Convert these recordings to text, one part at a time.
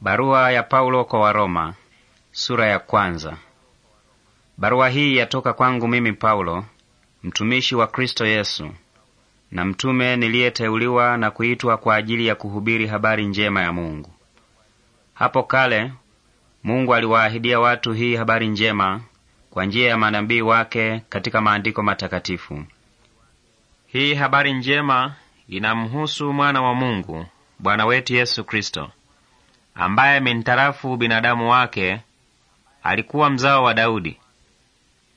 Barua ya Paulo kwa Waroma, sura ya kwanza. Barua hii yatoka kwangu mimi Paulo, mtumishi wa Kristo Yesu, na mtume niliyeteuliwa na kuitwa kwa ajili ya kuhubiri habari njema ya Mungu. Hapo kale Mungu aliwaahidia watu hii habari njema kwa njia ya manabii wake katika maandiko matakatifu. Hii habari njema inamhusu mwana wa Mungu, Bwana wetu Yesu Kristo ambaye mintarafu binadamu wake alikuwa mzao wa Daudi,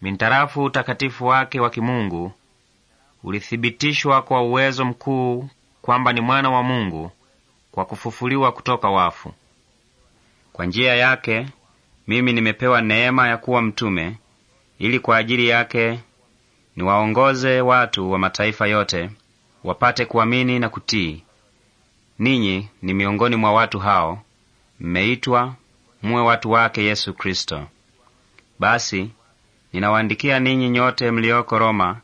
mintarafu utakatifu wake wa kimungu ulithibitishwa kwa uwezo mkuu kwamba ni mwana wa Mungu kwa kufufuliwa kutoka wafu. Kwa njia yake mimi nimepewa neema ya kuwa mtume, ili kwa ajili yake niwaongoze watu wa mataifa yote wapate kuamini na kutii. Ninyi ni miongoni mwa watu hao, mmeitwa muwe watu wake Yesu Kristo. Basi ninawaandikia ninyi nyote mlioko Roma,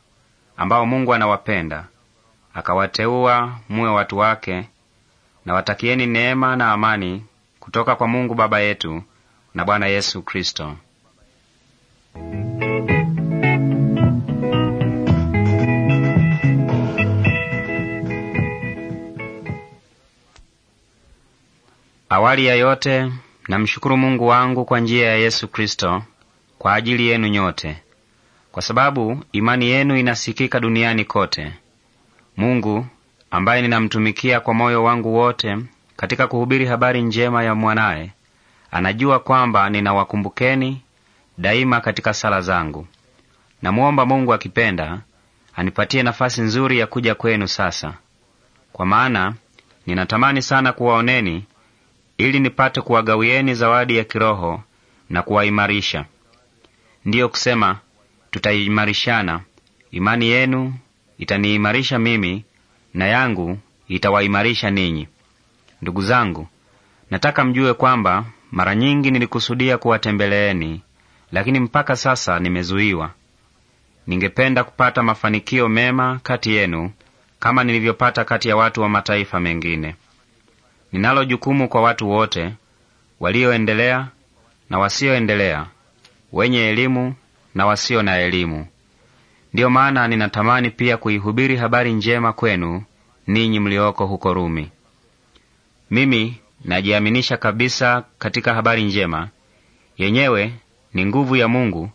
ambao Mungu anawapenda akawateua muwe watu wake, na watakieni neema na amani kutoka kwa Mungu Baba yetu na Bwana Yesu Kristo. Awali ya yote namshukuru Mungu wangu kwa njia ya Yesu Kristo kwa ajili yenu nyote, kwa sababu imani yenu inasikika duniani kote. Mungu ambaye ninamtumikia kwa moyo wangu wote katika kuhubiri habari njema ya mwanaye, anajua kwamba ninawakumbukeni daima katika sala zangu. Namwomba Mungu akipenda anipatie nafasi nzuri ya kuja kwenu sasa, kwa maana ninatamani sana kuwaoneni ili nipate kuwagawieni zawadi ya kiroho na kuwaimarisha, ndiyo kusema tutaimarishana. Imani yenu itaniimarisha mimi na yangu itawaimarisha ninyi. Ndugu zangu, nataka mjue kwamba mara nyingi nilikusudia kuwatembeleeni, lakini mpaka sasa nimezuiwa. Ningependa kupata mafanikio mema kati yenu kama nilivyopata kati ya watu wa mataifa mengine. Ninalo jukumu kwa watu wote walioendelea na wasioendelea, wenye elimu na wasio na elimu. Ndiyo maana ninatamani pia kuihubiri habari njema kwenu ninyi mlioko huko Rumi. Mimi najiaminisha kabisa katika habari njema yenyewe; ni nguvu ya Mungu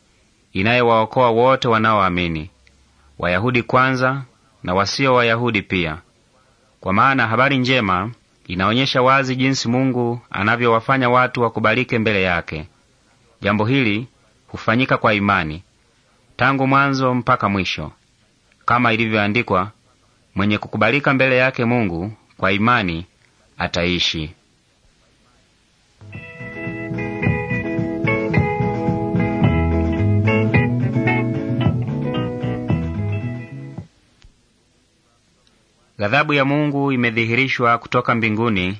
inayowaokoa wote wanaoamini, Wayahudi kwanza na wasio Wayahudi pia, kwa maana habari njema linaonyesha wazi jinsi Mungu anavyowafanya watu wakubalike mbele yake. Jambo hili hufanyika kwa imani tangu mwanzo mpaka mwisho, kama ilivyoandikwa, mwenye kukubalika mbele yake Mungu kwa imani ataishi. Ghadhabu ya Mungu imedhihirishwa kutoka mbinguni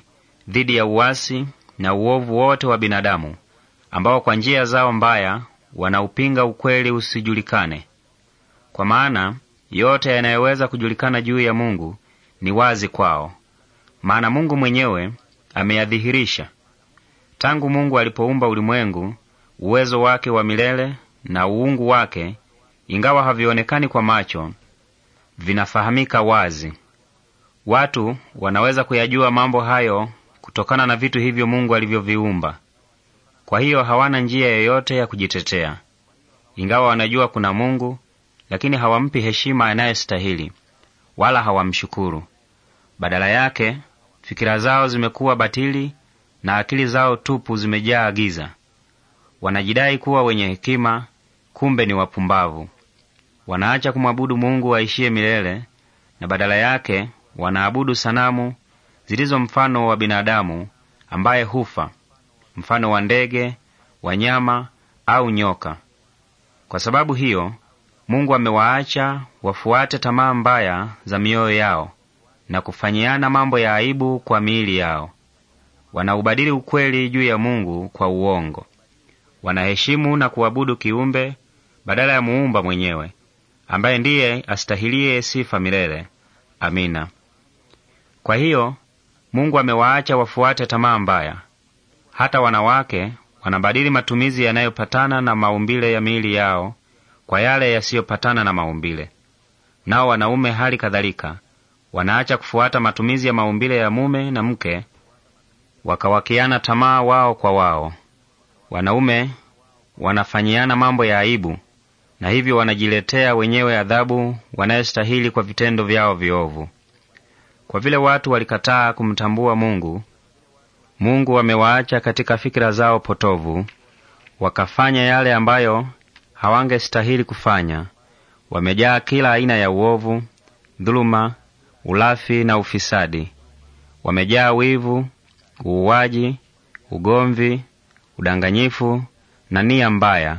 dhidi ya uasi na uovu wote wa binadamu ambao kwa njia zao mbaya wanaupinga ukweli usijulikane. Kwa maana yote yanayoweza kujulikana juu ya Mungu ni wazi kwao, maana Mungu mwenyewe ameyadhihirisha. Tangu Mungu alipoumba ulimwengu, uwezo wake wa milele na uungu wake, ingawa havionekani kwa macho, vinafahamika wazi. Watu wanaweza kuyajua mambo hayo kutokana na vitu hivyo Mungu alivyoviumba. Kwa hiyo hawana njia yoyote ya kujitetea. Ingawa wanajua kuna Mungu, lakini hawampi heshima anayestahili wala hawamshukuru. Badala yake, fikira zao zimekuwa batili na akili zao tupu zimejaa giza. Wanajidai kuwa wenye hekima, kumbe ni wapumbavu. Wanaacha kumwabudu Mungu waishiye milele na badala yake Wanaabudu sanamu zilizo mfano wa binadamu ambaye hufa, mfano wa ndege, wanyama au nyoka. Kwa sababu hiyo Mungu amewaacha wafuate tamaa mbaya za mioyo yao na kufanyiana mambo ya aibu kwa miili yao. Wanaubadili ukweli juu ya Mungu kwa uongo. Wanaheshimu na kuabudu kiumbe badala ya muumba mwenyewe ambaye ndiye astahilie sifa milele. Amina. Kwa hiyo Mungu amewaacha wafuate tamaa mbaya. Hata wanawake wanabadili matumizi yanayopatana na maumbile ya miili yao kwa yale yasiyopatana na maumbile. Nao wanaume hali kadhalika wanaacha kufuata matumizi ya maumbile ya mume na mke, wakawakiana tamaa wao kwa wao. Wanaume wanafanyiana mambo ya aibu, na hivyo wanajiletea wenyewe adhabu wanayostahili kwa vitendo vyao viovu. Kwa vile watu walikataa kumtambua Mungu, Mungu amewaacha katika fikira zao potovu, wakafanya yale ambayo hawangestahili kufanya. Wamejaa kila aina ya uovu, dhuluma, ulafi na ufisadi. Wamejaa wivu, uuaji, ugomvi, udanganyifu na nia mbaya.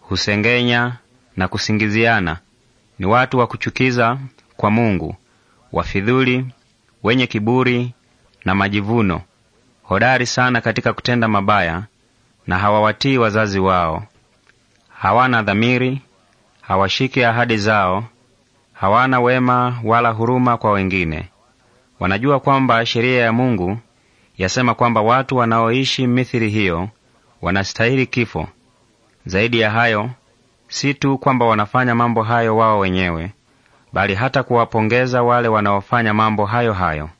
Husengenya na kusingiziana. Ni watu wa kuchukiza kwa Mungu, wafidhuli, wenye kiburi na majivuno, hodari sana katika kutenda mabaya, na hawawatii wazazi wao, hawana dhamiri, hawashiki ahadi zao, hawana wema wala huruma kwa wengine. Wanajua kwamba sheria ya Mungu yasema kwamba watu wanaoishi mithili hiyo wanastahili kifo. Zaidi ya hayo, si tu kwamba wanafanya mambo hayo wao wenyewe, bali hata kuwapongeza wale wanaofanya mambo hayo hayo.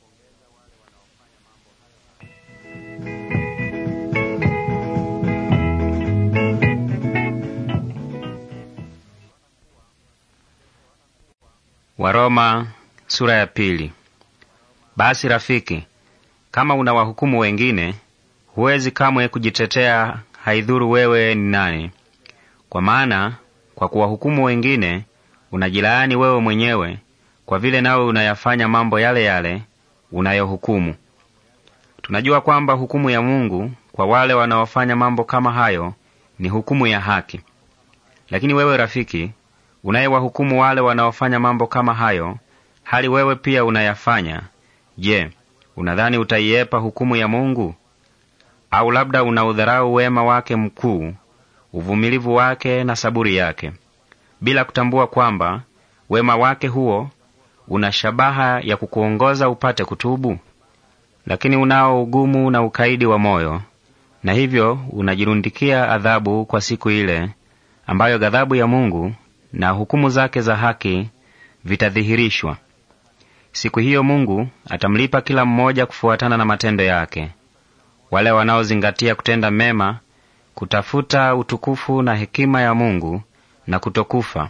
Waroma sura ya pili. Basi rafiki, kama una wahukumu wengine, huwezi kamwe kujitetea, haidhuru wewe ni nani, kwa maana kwa kuwahukumu wengine unajilaani wewe mwenyewe kwa vile nawe unayafanya mambo yale yale unayohukumu. Tunajua kwamba hukumu ya Mungu kwa wale wanaofanya mambo kama hayo ni hukumu ya haki. Lakini wewe rafiki, unayewahukumu wale wanaofanya mambo kama hayo, hali wewe pia unayafanya, je, unadhani utaiepa hukumu ya Mungu? Au labda unaudharau wema wake mkuu, uvumilivu wake na saburi yake? bila kutambua kwamba wema wake huo una shabaha ya kukuongoza upate kutubu, lakini unao ugumu na ukaidi wa moyo, na hivyo unajirundikia adhabu kwa siku ile ambayo ghadhabu ya Mungu na hukumu zake za haki vitadhihirishwa. Siku hiyo Mungu atamlipa kila mmoja kufuatana na matendo yake. Wale wanaozingatia kutenda mema, kutafuta utukufu na hekima ya Mungu na kutokufa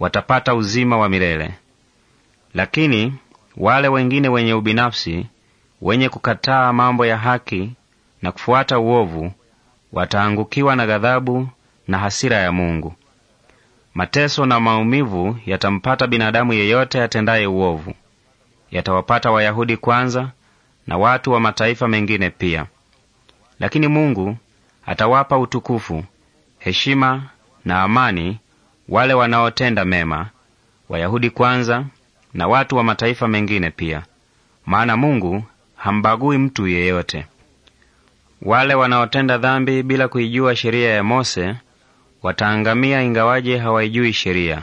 watapata uzima wa milele. Lakini wale wengine wenye ubinafsi, wenye kukataa mambo ya haki na kufuata uovu, wataangukiwa na ghadhabu na hasira ya Mungu. Mateso na maumivu yatampata binadamu yeyote atendaye uovu. Yatawapata Wayahudi kwanza na watu wa mataifa mengine pia. Lakini Mungu atawapa utukufu, heshima na amani wale wanaotenda mema, Wayahudi kwanza na watu wa mataifa mengine pia, maana Mungu hambagui mtu yeyote. Wale wanaotenda dhambi bila kuijua sheria ya Mose wataangamia, ingawaje hawaijui sheria,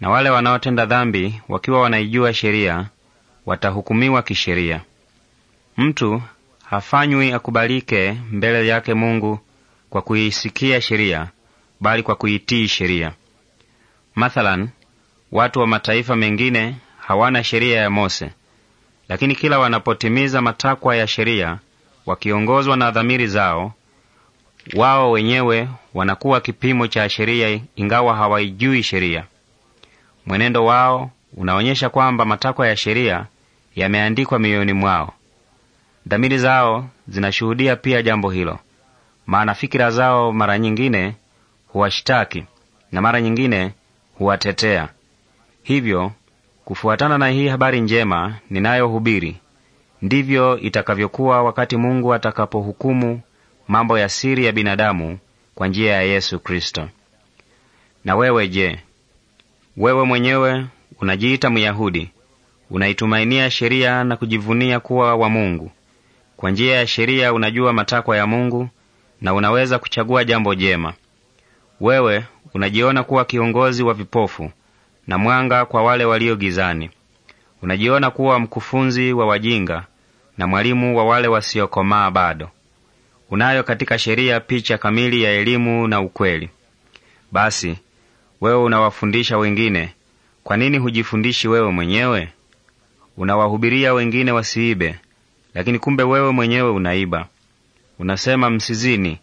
na wale wanaotenda dhambi wakiwa wanaijua sheria watahukumiwa kisheria. Mtu hafanywi akubalike mbele yake Mungu kwa kuisikia sheria, bali kwa kuitii sheria. Mathalan, watu wa mataifa mengine hawana sheria ya Mose, lakini kila wanapotimiza matakwa ya sheria, wakiongozwa na dhamiri zao wao wenyewe, wanakuwa kipimo cha sheria, ingawa hawaijui sheria. Mwenendo wao unaonyesha kwamba matakwa ya sheria yameandikwa mioyoni mwao. Dhamiri zao zinashuhudia pia jambo hilo, maana fikira zao mara nyingine huwashitaki na mara nyingine huwatetea. Hivyo kufuatana na hii habari njema ninayohubiri, ndivyo itakavyokuwa wakati Mungu atakapohukumu mambo ya siri ya binadamu kwa njia ya Yesu Kristo. Na wewe je, wewe mwenyewe unajiita Myahudi, unaitumainia sheria na kujivunia kuwa wa Mungu. Kwa njia ya sheria unajua matakwa ya Mungu na unaweza kuchagua jambo jema. Wewe Unajiona kuwa kiongozi wa vipofu na mwanga kwa wale walio gizani. Unajiona kuwa mkufunzi wa wajinga na mwalimu wa wale wasiokomaa bado. Unayo katika sheria picha kamili ya elimu na ukweli. Basi wewe unawafundisha wengine, kwa nini hujifundishi wewe mwenyewe? Unawahubiria wengine wasiibe, lakini kumbe wewe mwenyewe unaiba. Unasema msizini,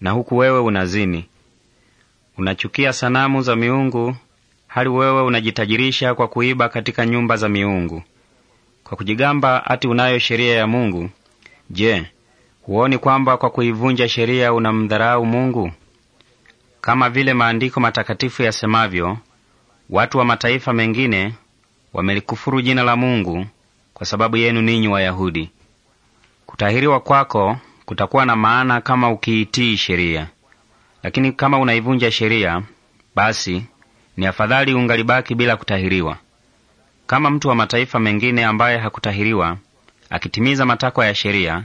na huku wewe unazini. Unachukia sanamu za miungu, hali wewe unajitajirisha kwa kuiba katika nyumba za miungu. Kwa kujigamba ati unayo sheria ya Mungu, je, huoni kwamba kwa kuivunja sheria unamdharau Mungu? Kama vile maandiko matakatifu yasemavyo, watu wa mataifa mengine wamelikufuru jina la Mungu kwa sababu yenu ninyi Wayahudi. Kutahiriwa kwako kutakuwa na maana kama ukiitii sheria. Lakini kama unaivunja sheria, basi ni afadhali ungalibaki bila kutahiriwa. Kama mtu wa mataifa mengine ambaye hakutahiriwa akitimiza matakwa ya sheria,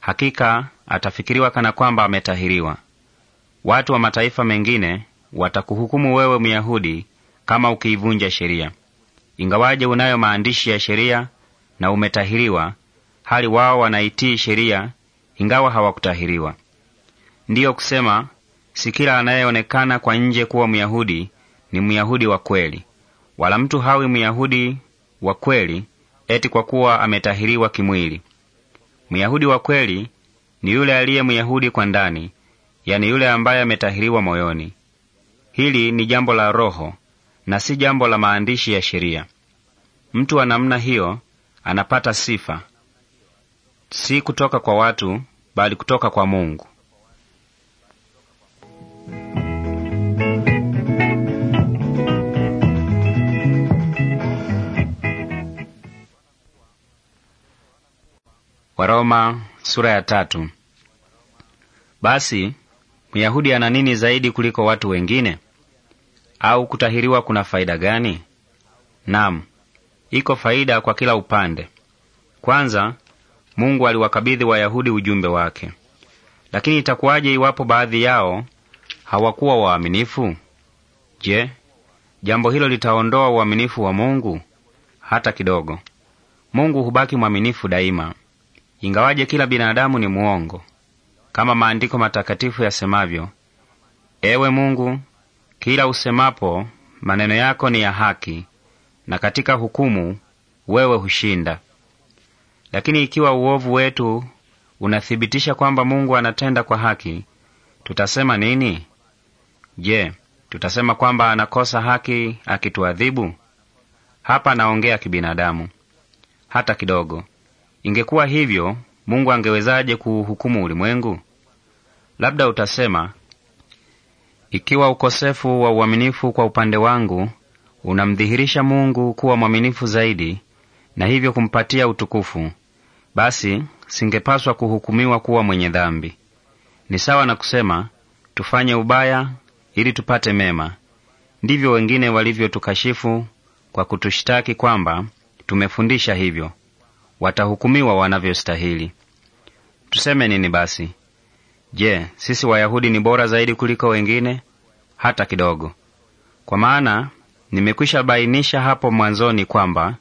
hakika atafikiriwa kana kwamba ametahiriwa. Watu wa mataifa mengine watakuhukumu wewe Myahudi kama ukiivunja sheria, ingawaje unayo maandishi ya sheria na umetahiriwa, hali wao wanaitii sheria ingawa hawakutahiriwa. Ndiyo kusema Si kila anayeonekana kwa nje kuwa Myahudi ni Myahudi wa kweli, wala mtu hawi Myahudi wa kweli eti kwa kuwa ametahiriwa kimwili. Myahudi wa kweli ni yule aliye Myahudi kwa ndani, yani yule ambaye ametahiriwa moyoni. Hili ni jambo la Roho na si jambo la maandishi ya sheria. Mtu wa namna hiyo anapata sifa, si kutoka kwa watu, bali kutoka kwa Mungu. Waroma sura ya tatu. Basi Myahudi ana nini zaidi kuliko watu wengine? Au kutahiriwa kuna faida gani? Naam, iko faida kwa kila upande. Kwanza, Mungu aliwakabidhi Wayahudi ujumbe wake. Lakini itakuwaje iwapo baadhi yao hawakuwa waaminifu? Je, jambo hilo litaondoa uaminifu wa Mungu? Hata kidogo. Mungu hubaki mwaminifu daima, ingawaje kila binadamu ni muongo, kama maandiko matakatifu yasemavyo: Ewe Mungu, kila usemapo maneno yako ni ya haki, na katika hukumu wewe hushinda. Lakini ikiwa uovu wetu unathibitisha kwamba Mungu anatenda kwa haki, tutasema nini? Je, tutasema kwamba anakosa haki akituadhibu? Hapa naongea kibinadamu hata kidogo. Ingekuwa hivyo, Mungu angewezaje kuuhukumu ulimwengu? Labda utasema, ikiwa ukosefu wa uaminifu kwa upande wangu unamdhihirisha Mungu kuwa mwaminifu zaidi na hivyo kumpatia utukufu, basi singepaswa kuhukumiwa kuwa mwenye dhambi. Ni sawa na kusema tufanye ubaya ili tupate mema. Ndivyo wengine walivyotukashifu kwa kutushtaki kwamba tumefundisha hivyo. Watahukumiwa wanavyostahili. Tuseme nini basi? Je, sisi Wayahudi ni bora zaidi kuliko wengine? Hata kidogo! Kwa maana nimekwisha bainisha hapo mwanzoni kwamba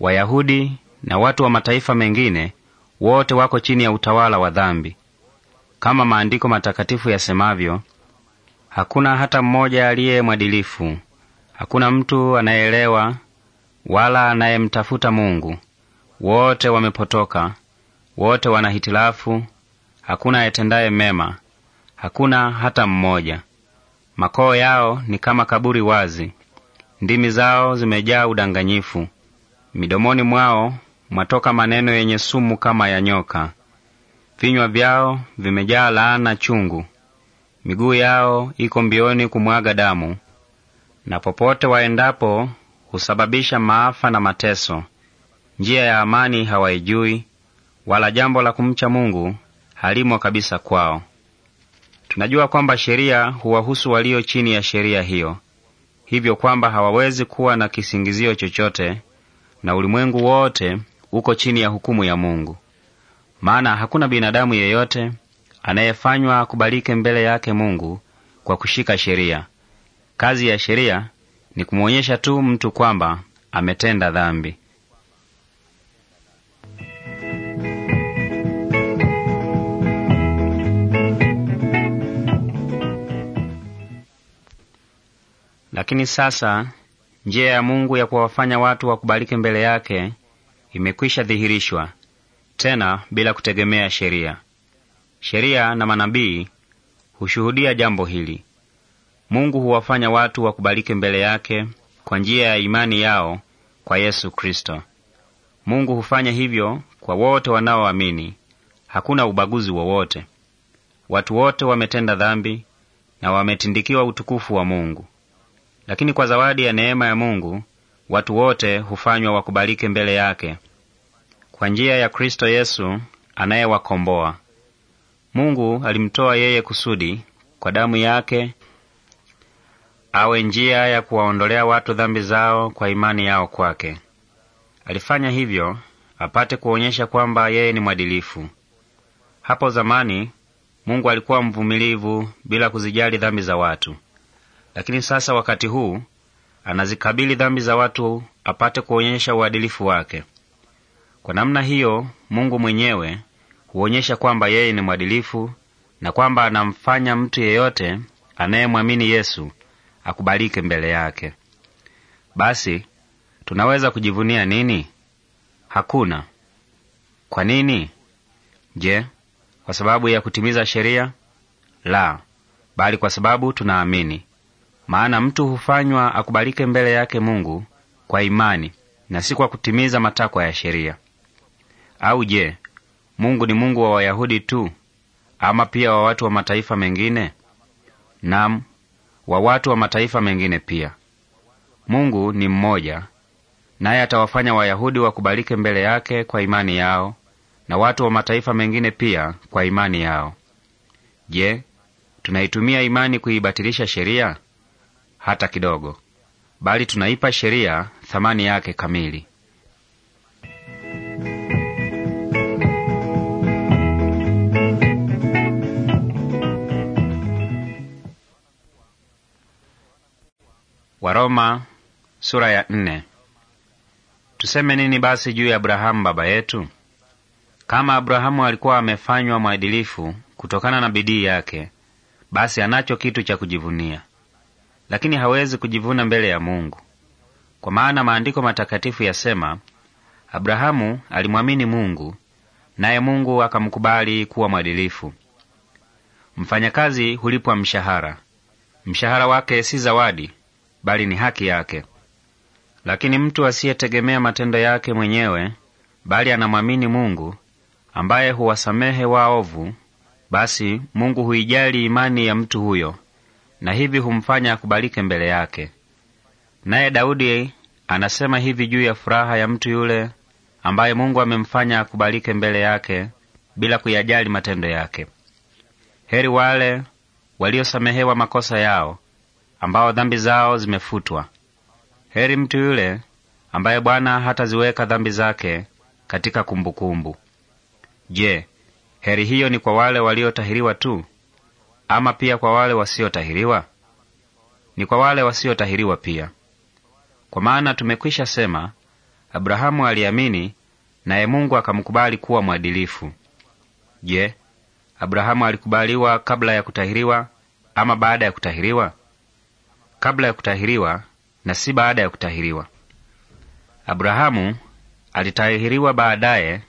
Wayahudi na watu wa mataifa mengine wote wako chini ya utawala wa dhambi. Kama maandiko matakatifu yasemavyo, Hakuna hata mmoja aliye mwadilifu, hakuna mtu anayeelewa wala anayemtafuta Mungu. Wote wamepotoka, wote wana hitilafu, hakuna yatendaye mema, hakuna hata mmoja. Makoo yao ni kama kaburi wazi, ndimi zao zimejaa udanganyifu, midomoni mwao mwatoka maneno yenye sumu kama ya nyoka, vinywa vyao vimejaa laana chungu miguu yao iko mbioni kumwaga damu, na popote waendapo husababisha maafa na mateso. Njia ya amani hawaijui, wala jambo la kumcha Mungu halimo kabisa kwao. Tunajua kwamba sheria huwahusu walio chini ya sheria hiyo, hivyo kwamba hawawezi kuwa na kisingizio chochote, na ulimwengu wote uko chini ya hukumu ya Mungu, maana hakuna binadamu yeyote anayefanywa akubalike mbele yake Mungu kwa kushika sheria. Kazi ya sheria ni kumwonyesha tu mtu kwamba ametenda dhambi. Lakini sasa njia ya Mungu ya kuwafanya watu wakubalike mbele yake imekwisha dhihirishwa, tena bila kutegemea sheria. Sheria na manabii hushuhudia jambo hili. Mungu huwafanya watu wakubalike mbele yake kwa njia ya imani yao kwa Yesu Kristo. Mungu hufanya hivyo kwa wote wanaoamini. Hakuna ubaguzi wowote wa watu wote wametenda dhambi na wametindikiwa utukufu wa Mungu, lakini kwa zawadi ya neema ya Mungu watu wote hufanywa wakubalike mbele yake kwa njia ya Kristo Yesu anayewakomboa. Mungu alimtoa yeye kusudi kwa damu yake awe njia ya kuwaondolea watu dhambi zao kwa imani yao kwake. Alifanya hivyo apate kuonyesha kwamba yeye ni mwadilifu. Hapo zamani Mungu alikuwa mvumilivu bila kuzijali dhambi za watu, lakini sasa wakati huu anazikabili dhambi za watu apate kuonyesha uadilifu wake. Kwa namna hiyo Mungu mwenyewe huonyesha kwamba yeye ni mwadilifu na kwamba anamfanya mtu yeyote anayemwamini Yesu akubalike mbele yake. Basi tunaweza kujivunia nini? Hakuna. Kwa nini? Je, kwa sababu ya kutimiza sheria? La, bali kwa sababu tunaamini. Maana mtu hufanywa akubalike mbele yake Mungu kwa imani na si kwa kutimiza matakwa ya sheria. Au je, Mungu ni Mungu wa Wayahudi tu ama pia wa watu wa mataifa mengine? nam wa watu wa mataifa mengine pia. Mungu ni mmoja, naye atawafanya Wayahudi wakubalike mbele yake kwa imani yao na watu wa mataifa mengine pia kwa imani yao. Je, tunaitumia imani kuibatilisha sheria? Hata kidogo! Bali tunaipa sheria thamani yake kamili. Waroma sura ya nne. Tuseme nini basi juu ya Abrahamu baba yetu? Kama Abrahamu alikuwa amefanywa mwadilifu kutokana na bidii yake, basi anacho kitu cha kujivunia, lakini hawezi kujivuna mbele ya Mungu, kwa maana maandiko matakatifu yasema, Abrahamu alimwamini Mungu, naye Mungu akamkubali kuwa mwadilifu. Mfanyakazi hulipwa mshahara. Mshahara wake si zawadi, bali ni haki yake. Lakini mtu asiyetegemea matendo yake mwenyewe, bali anamwamini Mungu ambaye huwasamehe waovu, basi Mungu huijali imani ya mtu huyo, na hivi humfanya akubalike mbele yake. Naye Daudi anasema hivi juu ya furaha ya mtu yule ambaye Mungu amemfanya akubalike mbele yake bila kuyajali matendo yake: heri wale waliosamehewa makosa yao ambao dhambi zao zimefutwa. Heri mtu yule ambaye Bwana hataziweka dhambi zake katika kumbukumbu Je, heri hiyo ni kwa wale waliotahiriwa tu ama pia kwa wale wasiotahiriwa? Ni kwa wale wasiotahiriwa pia, kwa maana tumekwisha sema, Abrahamu aliamini naye Mungu akamkubali kuwa mwadilifu. Je, Abrahamu alikubaliwa kabla ya kutahiriwa ama baada ya kutahiriwa? kabla ya kutahiriwa na si baada ya kutahiriwa. Abrahamu alitahiriwa baadaye,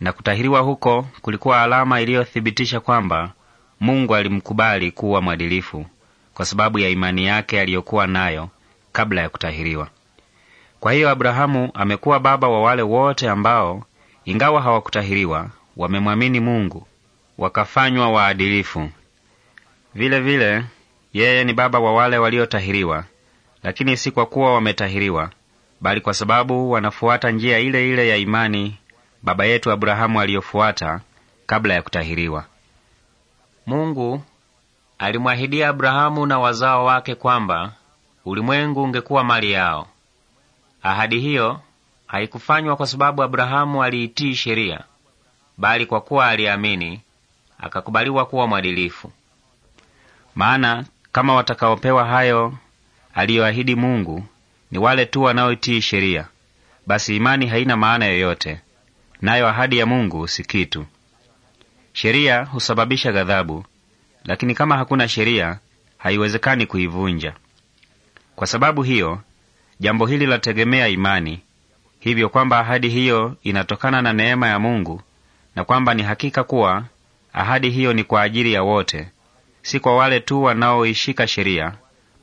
na kutahiriwa huko kulikuwa alama iliyothibitisha kwamba Mungu alimkubali kuwa mwadilifu kwa sababu ya imani yake aliyokuwa nayo kabla ya kutahiriwa. Kwa hiyo Abrahamu amekuwa baba wa wale wote ambao ingawa hawakutahiriwa wamemwamini Mungu wakafanywa waadilifu. Vile vile yeye ni baba wa wale waliotahiriwa, lakini si kwa kuwa wametahiriwa, bali kwa sababu wanafuata njia ile ile ya imani baba yetu Abrahamu aliyofuata kabla ya kutahiriwa. Mungu alimwahidia Abrahamu na wazao wake kwamba ulimwengu ungekuwa mali yao. Ahadi hiyo haikufanywa kwa sababu Abrahamu aliitii sheria, bali kwa kuwa aliamini akakubaliwa kuwa mwadilifu. Maana kama watakaopewa hayo aliyoahidi Mungu ni wale tu wanaoitii sheria, basi imani haina maana yoyote, nayo ahadi ya Mungu si kitu. Sheria husababisha ghadhabu, lakini kama hakuna sheria, haiwezekani kuivunja. Kwa sababu hiyo, jambo hili lategemea imani, hivyo kwamba ahadi hiyo inatokana na neema ya Mungu na kwamba ni hakika kuwa ahadi hiyo ni kwa ajili ya wote si kwa wale tu wanaoishika sheria,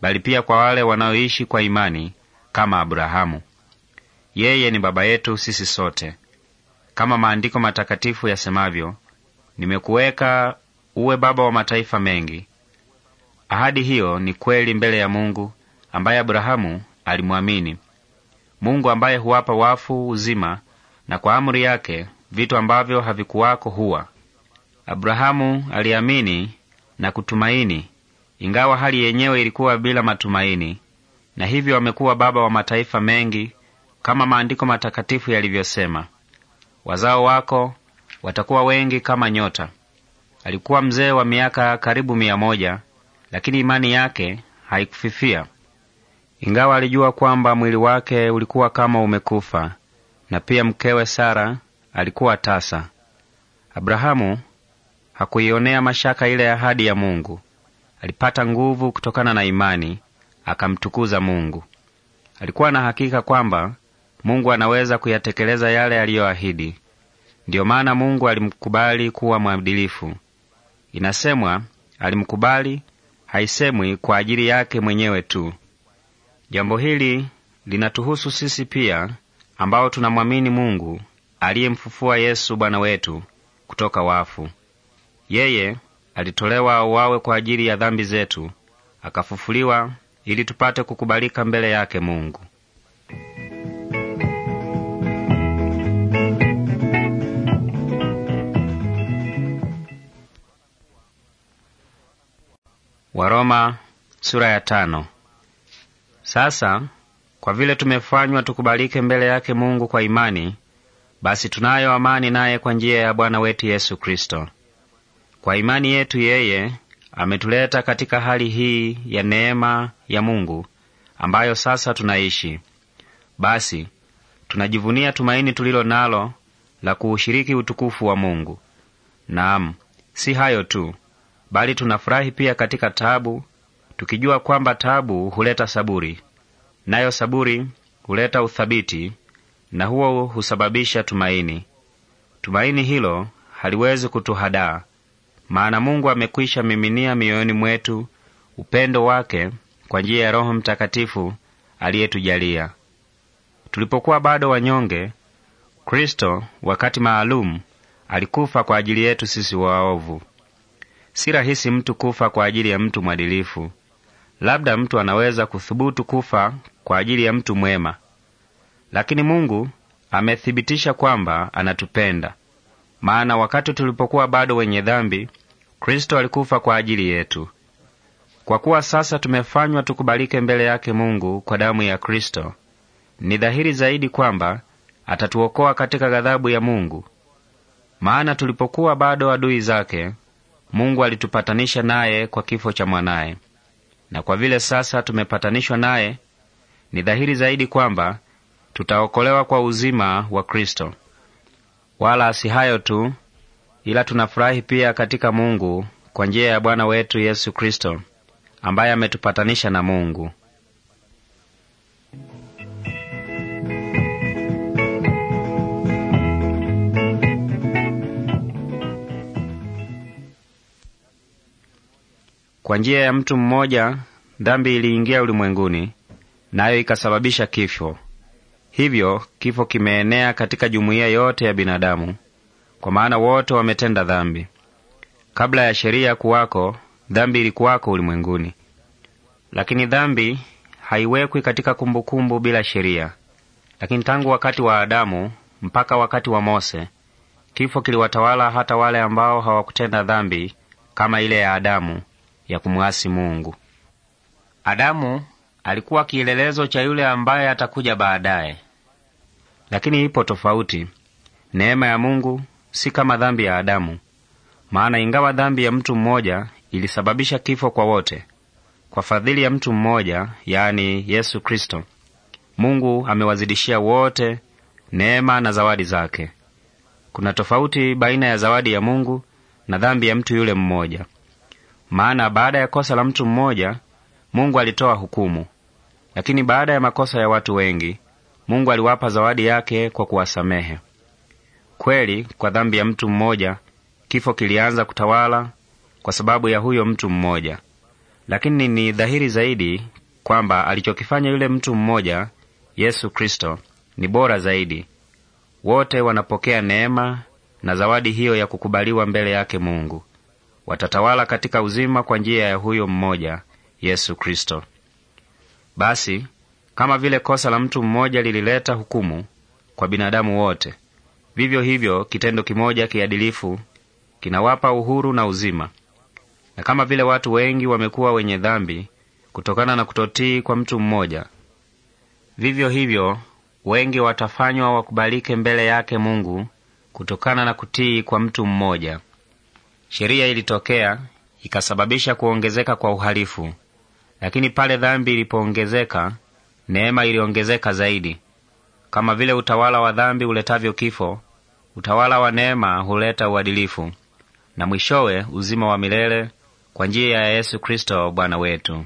bali pia kwa wale wanaoishi kwa imani kama Abrahamu. Yeye ni baba yetu sisi sote. Kama maandiko matakatifu yasemavyo, nimekuweka uwe baba wa mataifa mengi. Ahadi hiyo ni kweli mbele ya Mungu ambaye Abrahamu alimwamini, Mungu ambaye huwapa wafu uzima, na kwa amri yake vitu ambavyo havikuwako huwa. Abrahamu aliamini na kutumaini, ingawa hali yenyewe ilikuwa bila matumaini, na hivyo wamekuwa baba wa mataifa mengi, kama maandiko matakatifu yalivyosema, wazao wako watakuwa wengi kama nyota. Alikuwa mzee wa miaka karibu mia moja, lakini imani yake haikufifia. Ingawa alijua kwamba mwili wake ulikuwa kama umekufa, na pia mkewe Sara alikuwa tasa. Abrahamu hakuionea mashaka ile ahadi ya Mungu. Alipata nguvu kutokana na imani, akamtukuza Mungu. Alikuwa na hakika kwamba Mungu anaweza kuyatekeleza yale aliyoahidi. Ndiyo maana Mungu alimkubali kuwa mwadilifu. Inasemwa alimkubali, haisemwi kwa ajili yake mwenyewe tu. Jambo hili linatuhusu sisi pia, ambao tunamwamini Mungu aliyemfufua Yesu Bwana wetu kutoka wafu. Yeye alitolewa uawe kwa ajili ya dhambi zetu, akafufuliwa ili tupate kukubalika mbele yake Mungu. Waroma sura ya tano. Sasa kwa vile tumefanywa tukubalike mbele yake Mungu kwa imani, basi tunayo amani naye kwa njia ya Bwana wetu Yesu Kristo. Kwa imani yetu yeye ametuleta katika hali hii ya neema ya Mungu ambayo sasa tunaishi. Basi tunajivunia tumaini tulilo nalo la kuushiriki utukufu wa Mungu. Naam, si hayo tu, bali tunafurahi pia katika tabu, tukijua kwamba tabu huleta saburi, nayo saburi huleta uthabiti, na huo husababisha tumaini. Tumaini hilo haliwezi kutuhadaa, maana Mungu amekwisha miminia mioyoni mwetu upendo wake kwa njia ya Roho Mtakatifu aliyetujalia. Tulipokuwa bado wanyonge, Kristo wakati maalum alikufa kwa ajili yetu sisi waovu. Si rahisi mtu kufa kwa ajili ya mtu mwadilifu. Labda mtu anaweza kuthubutu kufa kwa ajili ya mtu mwema, lakini Mungu amethibitisha kwamba anatupenda maana wakati tulipokuwa bado wenye dhambi, Kristo alikufa kwa ajili yetu. Kwa kuwa sasa tumefanywa tukubalike mbele yake Mungu kwa damu ya Kristo, ni dhahiri zaidi kwamba atatuokoa katika ghadhabu ya Mungu. Maana tulipokuwa bado adui zake, Mungu alitupatanisha naye kwa kifo cha mwanaye, na kwa vile sasa tumepatanishwa naye, ni dhahiri zaidi kwamba tutaokolewa kwa uzima wa Kristo. Wala si hayo tu, ila tunafurahi pia katika Mungu kwa njia ya Bwana wetu Yesu Kristo, ambaye ametupatanisha na Mungu. Kwa njia ya mtu mmoja dhambi iliingia ulimwenguni, nayo ikasababisha kifo. Hivyo kifo kimeenea katika jumuiya yote ya binadamu, kwa maana wote wametenda dhambi. Kabla ya sheria kuwako, dhambi ilikuwako ulimwenguni, lakini dhambi haiwekwi katika kumbukumbu kumbu bila sheria. Lakini tangu wakati wa Adamu mpaka wakati wa Mose, kifo kiliwatawala hata wale ambao hawakutenda dhambi kama ile ya Adamu ya kumwasi Mungu. Adamu alikuwa kielelezo cha yule ambaye atakuja baadaye. Lakini ipo tofauti. Neema ya Mungu si kama dhambi ya Adamu, maana ingawa dhambi ya mtu mmoja ilisababisha kifo kwa wote, kwa fadhili ya mtu mmoja, yaani Yesu Kristo, Mungu amewazidishia wote neema na zawadi zake. Kuna tofauti baina ya zawadi ya Mungu na dhambi ya mtu yule mmoja, maana baada ya kosa la mtu mmoja Mungu alitoa hukumu, lakini baada ya makosa ya watu wengi Mungu aliwapa zawadi yake kwa kuwasamehe. Kweli, kwa dhambi ya mtu mmoja kifo kilianza kutawala kwa sababu ya huyo mtu mmoja, lakini ni dhahiri zaidi kwamba alichokifanya yule mtu mmoja, Yesu Kristo, ni bora zaidi. Wote wanapokea neema na zawadi hiyo ya kukubaliwa mbele yake Mungu. Watatawala katika uzima kwa njia ya huyo mmoja, Yesu Kristo. Basi kama vile kosa la mtu mmoja lilileta hukumu kwa binadamu wote, vivyo hivyo kitendo kimoja kiadilifu kinawapa uhuru na uzima. Na kama vile watu wengi wamekuwa wenye dhambi kutokana na kutotii kwa mtu mmoja, vivyo hivyo wengi watafanywa wakubalike mbele yake Mungu kutokana na kutii kwa mtu mmoja. Sheria ilitokea ikasababisha kuongezeka kwa uhalifu, lakini pale dhambi ilipoongezeka Neema iliongezeka zaidi. Kama vile utawala wa dhambi uletavyo kifo, utawala wa neema huleta uadilifu na mwishowe uzima wa milele kwa njia ya Yesu Kristo Bwana wetu.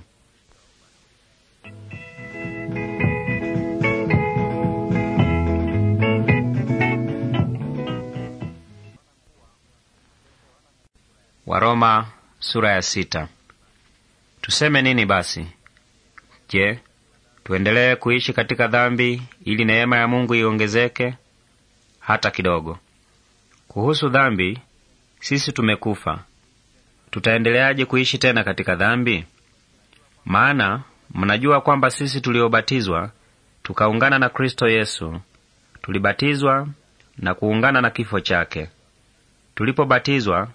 Waroma sura ya sita. Tuseme nini basi? Je, tuendelee kuishi katika dhambi ili neema ya Mungu iongezeke hata kidogo. Kuhusu dhambi, sisi tumekufa, tutaendeleaje kuishi tena katika dhambi? Maana mnajua kwamba sisi tuliobatizwa tukaungana na Kristo Yesu tulibatizwa na kuungana na kifo chake. Tulipobatizwa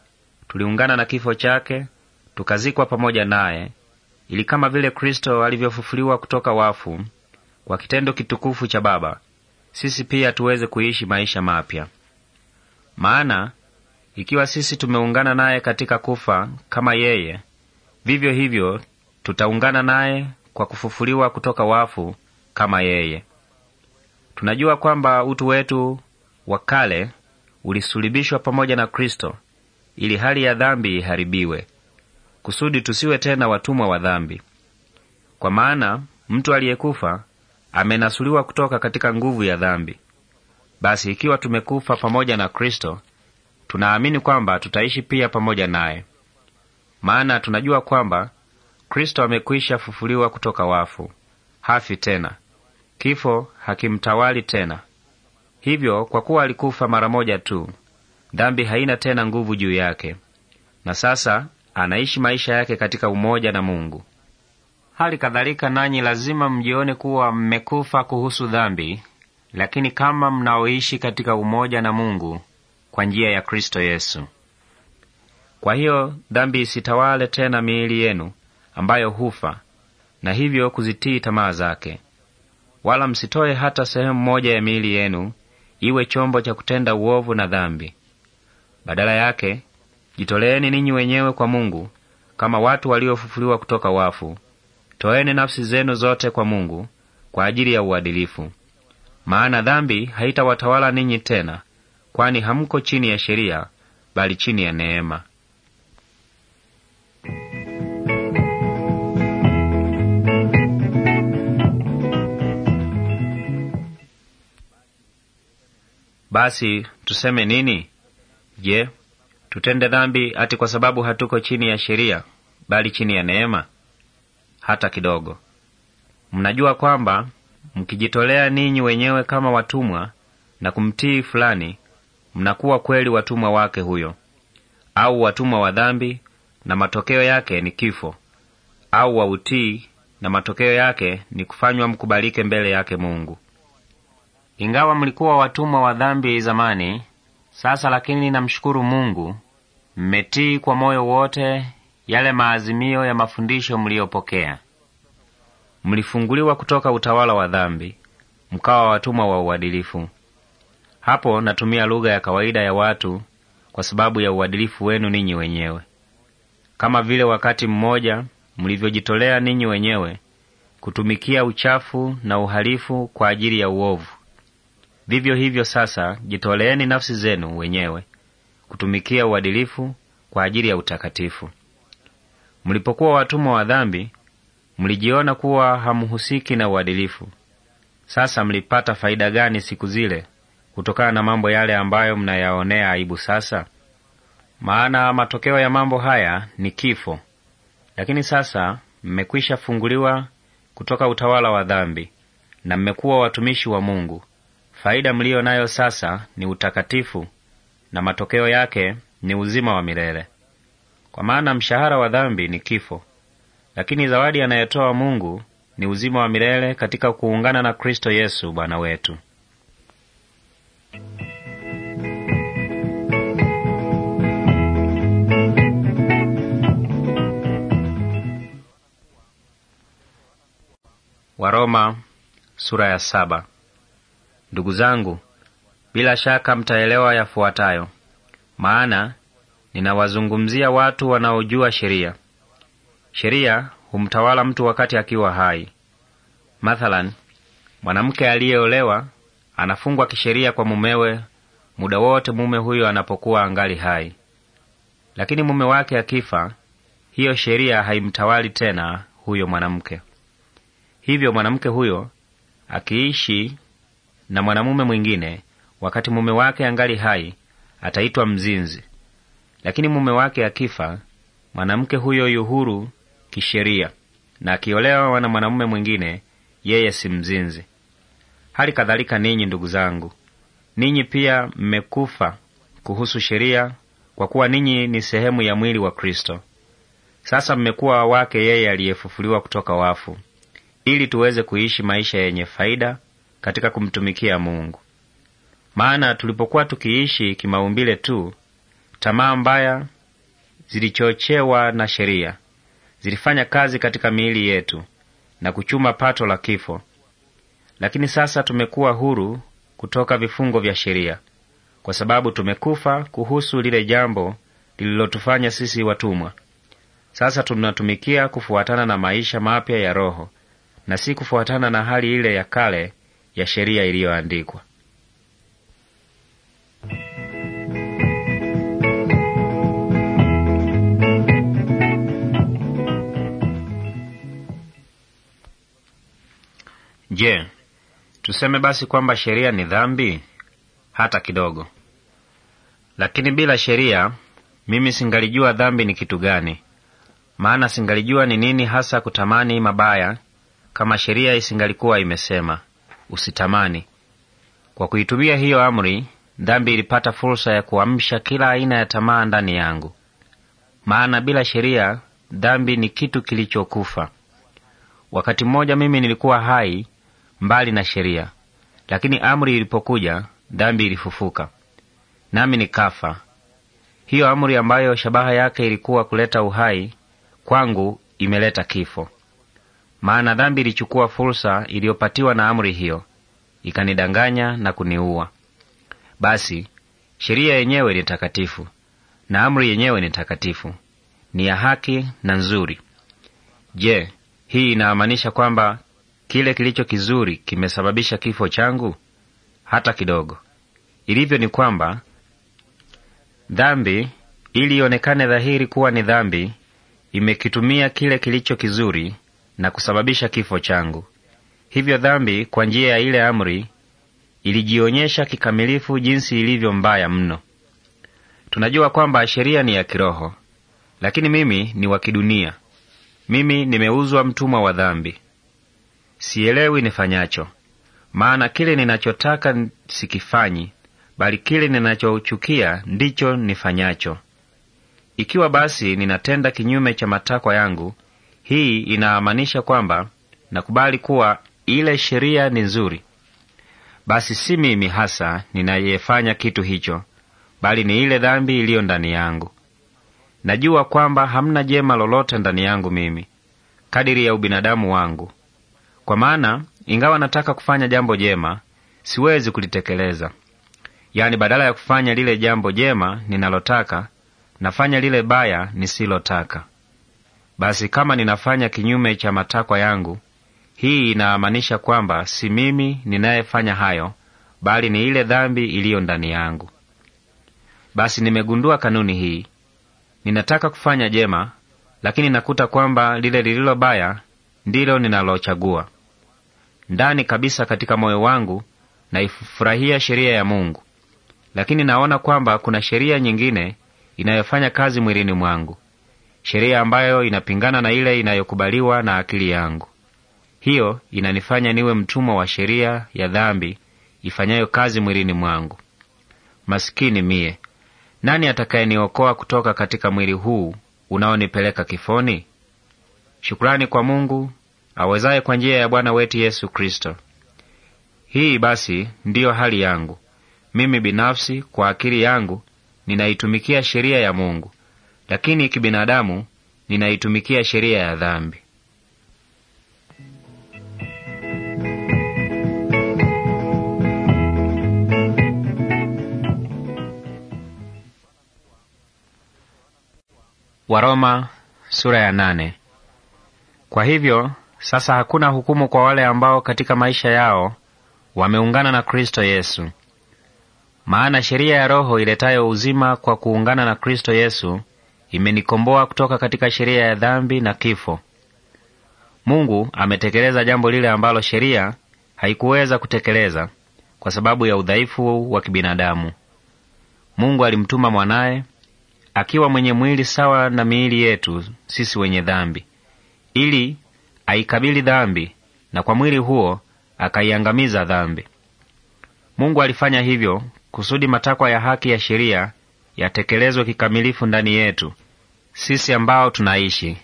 tuliungana na kifo chake, tukazikwa pamoja naye ili kama vile Kristo alivyofufuliwa kutoka wafu kwa kitendo kitukufu cha Baba, sisi pia tuweze kuishi maisha mapya. Maana ikiwa sisi tumeungana naye katika kufa kama yeye, vivyo hivyo tutaungana naye kwa kufufuliwa kutoka wafu kama yeye. Tunajua kwamba utu wetu wa kale ulisulubishwa pamoja na Kristo ili hali ya dhambi iharibiwe kusudi tusiwe tena watumwa wa dhambi. Kwa maana mtu aliyekufa amenasuliwa kutoka katika nguvu ya dhambi. Basi ikiwa tumekufa pamoja na Kristo, tunaamini kwamba tutaishi pia pamoja naye. Maana tunajua kwamba Kristo amekwisha fufuliwa kutoka wafu, hafi tena, kifo hakimtawali tena. Hivyo kwa kuwa alikufa mara moja tu, dhambi haina tena nguvu juu yake. Na sasa anaishi maisha yake katika umoja na Mungu. Hali kadhalika nanyi lazima mjione kuwa mmekufa kuhusu dhambi, lakini kama mnaoishi katika umoja na Mungu kwa njia ya Kristo Yesu. Kwa hiyo dhambi isitawale tena miili yenu ambayo hufa, na hivyo kuzitii tamaa zake. Wala msitoe hata sehemu moja ya miili yenu iwe chombo cha kutenda uovu na dhambi. Badala yake Jitoleeni ninyi wenyewe kwa Mungu kama watu waliofufuliwa kutoka wafu. Toeni nafsi zenu zote kwa Mungu kwa ajili ya uadilifu, maana dhambi haitawatawala ninyi tena, kwani hamko chini ya sheria, bali chini ya neema. Basi tuseme nini? Je, tutende dhambi ati kwa sababu hatuko chini ya sheria bali chini ya neema? Hata kidogo! Mnajua kwamba mkijitolea ninyi wenyewe kama watumwa na kumtii fulani, mnakuwa kweli watumwa wake huyo, au watumwa wa dhambi, na matokeo yake ni kifo, au wa utii, na matokeo yake ni kufanywa mkubalike mbele yake Mungu. Ingawa mlikuwa watumwa wa dhambi zamani, sasa lakini ninamshukuru Mungu, mmetii kwa moyo wote yale maazimio ya mafundisho mliyopokea. Mlifunguliwa kutoka utawala wa dhambi, mkawa watumwa wa uadilifu. Hapo natumia lugha ya kawaida ya watu kwa sababu ya uadilifu wenu ninyi wenyewe, kama vile wakati mmoja mlivyojitolea ninyi wenyewe kutumikia uchafu na uhalifu kwa ajili ya uovu, Vivyo hivyo sasa, jitoleeni nafsi zenu wenyewe kutumikia uadilifu kwa ajili ya utakatifu. Mlipokuwa watumwa wa dhambi, mlijiona kuwa hamhusiki na uadilifu. Sasa mlipata faida gani siku zile kutokana na mambo yale ambayo mnayaonea aibu sasa? Maana matokeo ya mambo haya ni kifo. Lakini sasa mmekwisha funguliwa kutoka utawala wa dhambi na mmekuwa watumishi wa Mungu. Faida mliyo nayo sasa ni utakatifu na matokeo yake ni uzima wa milele. Kwa maana mshahara wa dhambi ni kifo, lakini zawadi anayetoa Mungu ni uzima wa milele katika kuungana na Kristo Yesu Bwana wetu. Waroma sura ya saba. Ndugu zangu, bila shaka mtaelewa yafuatayo, maana ninawazungumzia watu wanaojua sheria. Sheria humtawala mtu wakati akiwa hai. Mathalan, mwanamke aliyeolewa anafungwa kisheria kwa mumewe muda wote mume huyo anapokuwa angali hai, lakini mume wake akifa, hiyo sheria haimtawali tena huyo mwanamke. Hivyo mwanamke huyo akiishi na mwanamume mwingine wakati mume wake angali hai ataitwa mzinzi, lakini mume wake akifa, mwanamke huyo yuhuru kisheria, na akiolewa na mwanamume mwingine, yeye si mzinzi. Hali kadhalika ninyi, ndugu zangu, ninyi pia mmekufa kuhusu sheria, kwa kuwa ninyi ni sehemu ya mwili wa Kristo. Sasa mmekuwa wake yeye aliyefufuliwa kutoka wafu, ili tuweze kuishi maisha yenye faida katika kumtumikia Mungu. Maana tulipokuwa tukiishi kimaumbile tu, tamaa mbaya zilichochewa na sheria zilifanya kazi katika miili yetu na kuchuma pato la kifo. Lakini sasa tumekuwa huru kutoka vifungo vya sheria, kwa sababu tumekufa kuhusu lile jambo lililotufanya sisi watumwa. Sasa tunatumikia kufuatana na maisha mapya ya Roho na si kufuatana na hali ile ya kale ya sheria iliyoandikwa. Je, tuseme basi kwamba sheria ni dhambi? Hata kidogo! Lakini bila sheria mimi singalijua dhambi ni kitu gani, maana singalijua ni nini hasa kutamani mabaya, kama sheria isingalikuwa imesema usitamani. Kwa kuitumia hiyo amri, dhambi ilipata fursa ya kuamsha kila aina ya tamaa ndani yangu, maana bila sheria dhambi ni kitu kilichokufa. Wakati mmoja mimi nilikuwa hai mbali na sheria, lakini amri ilipokuja, dhambi ilifufuka nami nikafa. Hiyo amri ambayo shabaha yake ilikuwa kuleta uhai, kwangu imeleta kifo maana dhambi ilichukua fursa iliyopatiwa na amri hiyo, ikanidanganya na kuniua. Basi sheria yenyewe ni takatifu na amri yenyewe ni takatifu, ni ya haki na nzuri. Je, hii inamaanisha kwamba kile kilicho kizuri kimesababisha kifo changu? Hata kidogo. Ilivyo ni kwamba dhambi, ili ionekane dhahiri kuwa ni dhambi, imekitumia kile kilicho kizuri na kusababisha kifo changu. Hivyo dhambi kwa njia ya ile amri ilijionyesha kikamilifu jinsi ilivyo mbaya mno. Tunajua kwamba sheria ni ya kiroho, lakini mimi ni wa kidunia. Mimi nimeuzwa mtumwa wa dhambi. Sielewi nifanyacho, maana kile ninachotaka sikifanyi, bali kile ninachochukia ndicho nifanyacho. Ikiwa basi ninatenda kinyume cha matakwa yangu, hii inamaanisha kwamba nakubali kuwa ile sheria ni nzuri, basi si mimi hasa ninayefanya kitu hicho, bali ni ile dhambi iliyo ndani yangu. Najua kwamba hamna jema lolote ndani yangu mimi, kadiri ya ubinadamu wangu. Kwa maana ingawa nataka kufanya jambo jema, siwezi kulitekeleza. Yaani, badala ya kufanya lile jambo jema ninalotaka, nafanya lile baya nisilotaka. Basi kama ninafanya kinyume cha matakwa yangu, hii inamaanisha kwamba si mimi ninayefanya hayo, bali ni ile dhambi iliyo ndani yangu. Basi nimegundua kanuni hii: ninataka kufanya jema, lakini nakuta kwamba lile lililo baya ndilo ninalochagua. Ndani kabisa katika moyo wangu naifurahia sheria ya Mungu, lakini naona kwamba kuna sheria nyingine inayofanya kazi mwilini mwangu sheria ambayo inapingana na ile inayokubaliwa na akili yangu. Hiyo inanifanya niwe mtumwa wa sheria ya dhambi ifanyayo kazi mwilini mwangu. masikini miye Nani atakayeniokoa kutoka katika mwili huu unaonipeleka kifoni? shukurani kwa Mungu awezaye kwa njia ya Bwana wetu Yesu Kristo. Hii basi ndiyo hali yangu mimi binafsi. Kwa akili yangu ninaitumikia sheria ya Mungu, lakini kibinadamu ninaitumikia sheria ya dhambi. Waroma sura ya nane. Kwa hivyo sasa hakuna hukumu kwa wale ambao katika maisha yao wameungana na Kristo Yesu. Maana sheria ya Roho iletayo uzima kwa kuungana na Kristo Yesu imenikomboa kutoka katika sheria ya dhambi na kifo. Mungu ametekeleza jambo lile ambalo sheria haikuweza kutekeleza kwa sababu ya udhaifu wa kibinadamu. Mungu alimtuma mwanaye akiwa mwenye mwili sawa na miili yetu sisi wenye dhambi, ili aikabili dhambi na kwa mwili huo akaiangamiza dhambi. Mungu alifanya hivyo kusudi matakwa ya haki ya sheria yatekelezwe kikamilifu ndani yetu, sisi ambao tunaishi,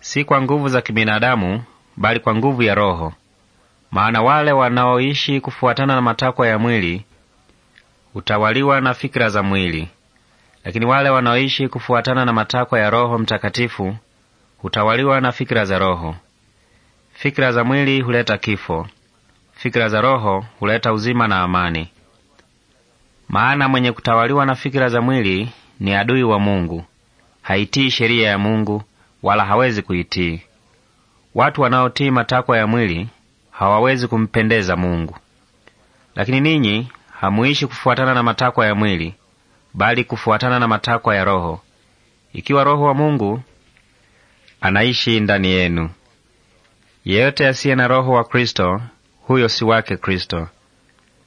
si kwa nguvu za kibinadamu, bali kwa nguvu ya Roho. Maana wale wanaoishi kufuatana na matakwa ya mwili hutawaliwa na fikira za mwili, lakini wale wanaoishi kufuatana na matakwa ya Roho Mtakatifu hutawaliwa na fikira za Roho. Fikira za mwili huleta kifo, fikira za Roho huleta uzima na amani. Maana mwenye kutawaliwa na fikira za mwili ni adui wa Mungu, haitii sheria ya Mungu wala hawezi kuitii. Watu wanaotii matakwa ya mwili hawawezi kumpendeza Mungu. Lakini ninyi hamuishi kufuatana na matakwa ya mwili, bali kufuatana na matakwa ya Roho, ikiwa Roho wa Mungu anaishi ndani yenu. Yeyote asiye na Roho wa Kristo, huyo si wake Kristo.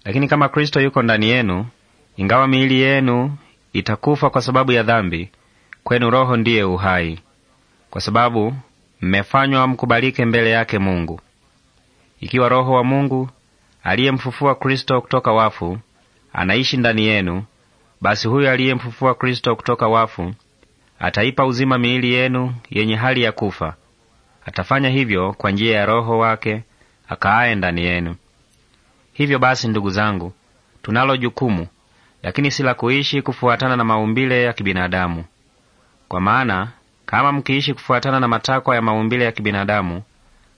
Lakini kama Kristo yuko ndani yenu, ingawa miili yenu itakufa kwa sababu ya dhambi, Kwenu Roho ndiye uhai, kwa sababu mmefanywa mkubalike mbele yake Mungu, ikiwa Roho wa Mungu aliyemfufua Kristo kutoka wafu anaishi ndani yenu, basi huyo aliyemfufua Kristo kutoka wafu ataipa uzima miili yenu yenye hali ya kufa. Atafanya hivyo kwa njia ya Roho wake akaaye ndani yenu. Hivyo basi, ndugu zangu, tunalo jukumu, lakini si la kuishi kufuatana na maumbile ya kibinadamu, kwa maana kama mkiishi kufuatana na matakwa ya maumbile ya kibinadamu,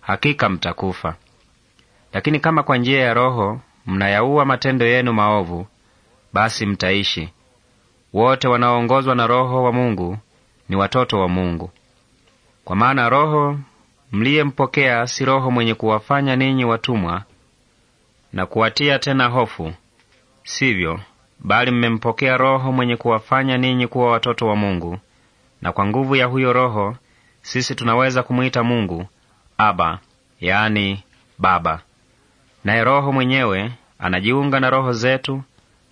hakika mtakufa. Lakini kama kwa njia ya Roho mnayaua matendo yenu maovu, basi mtaishi. Wote wanaoongozwa na Roho wa Mungu ni watoto wa Mungu. Kwa maana Roho mliyempokea si roho mwenye kuwafanya ninyi watumwa na kuwatia tena hofu, sivyo, bali mmempokea Roho mwenye kuwafanya ninyi kuwa watoto wa Mungu, na kwa nguvu ya huyo Roho sisi tunaweza kumwita Mungu Aba, yaani Baba. Naye Roho mwenyewe anajiunga na roho zetu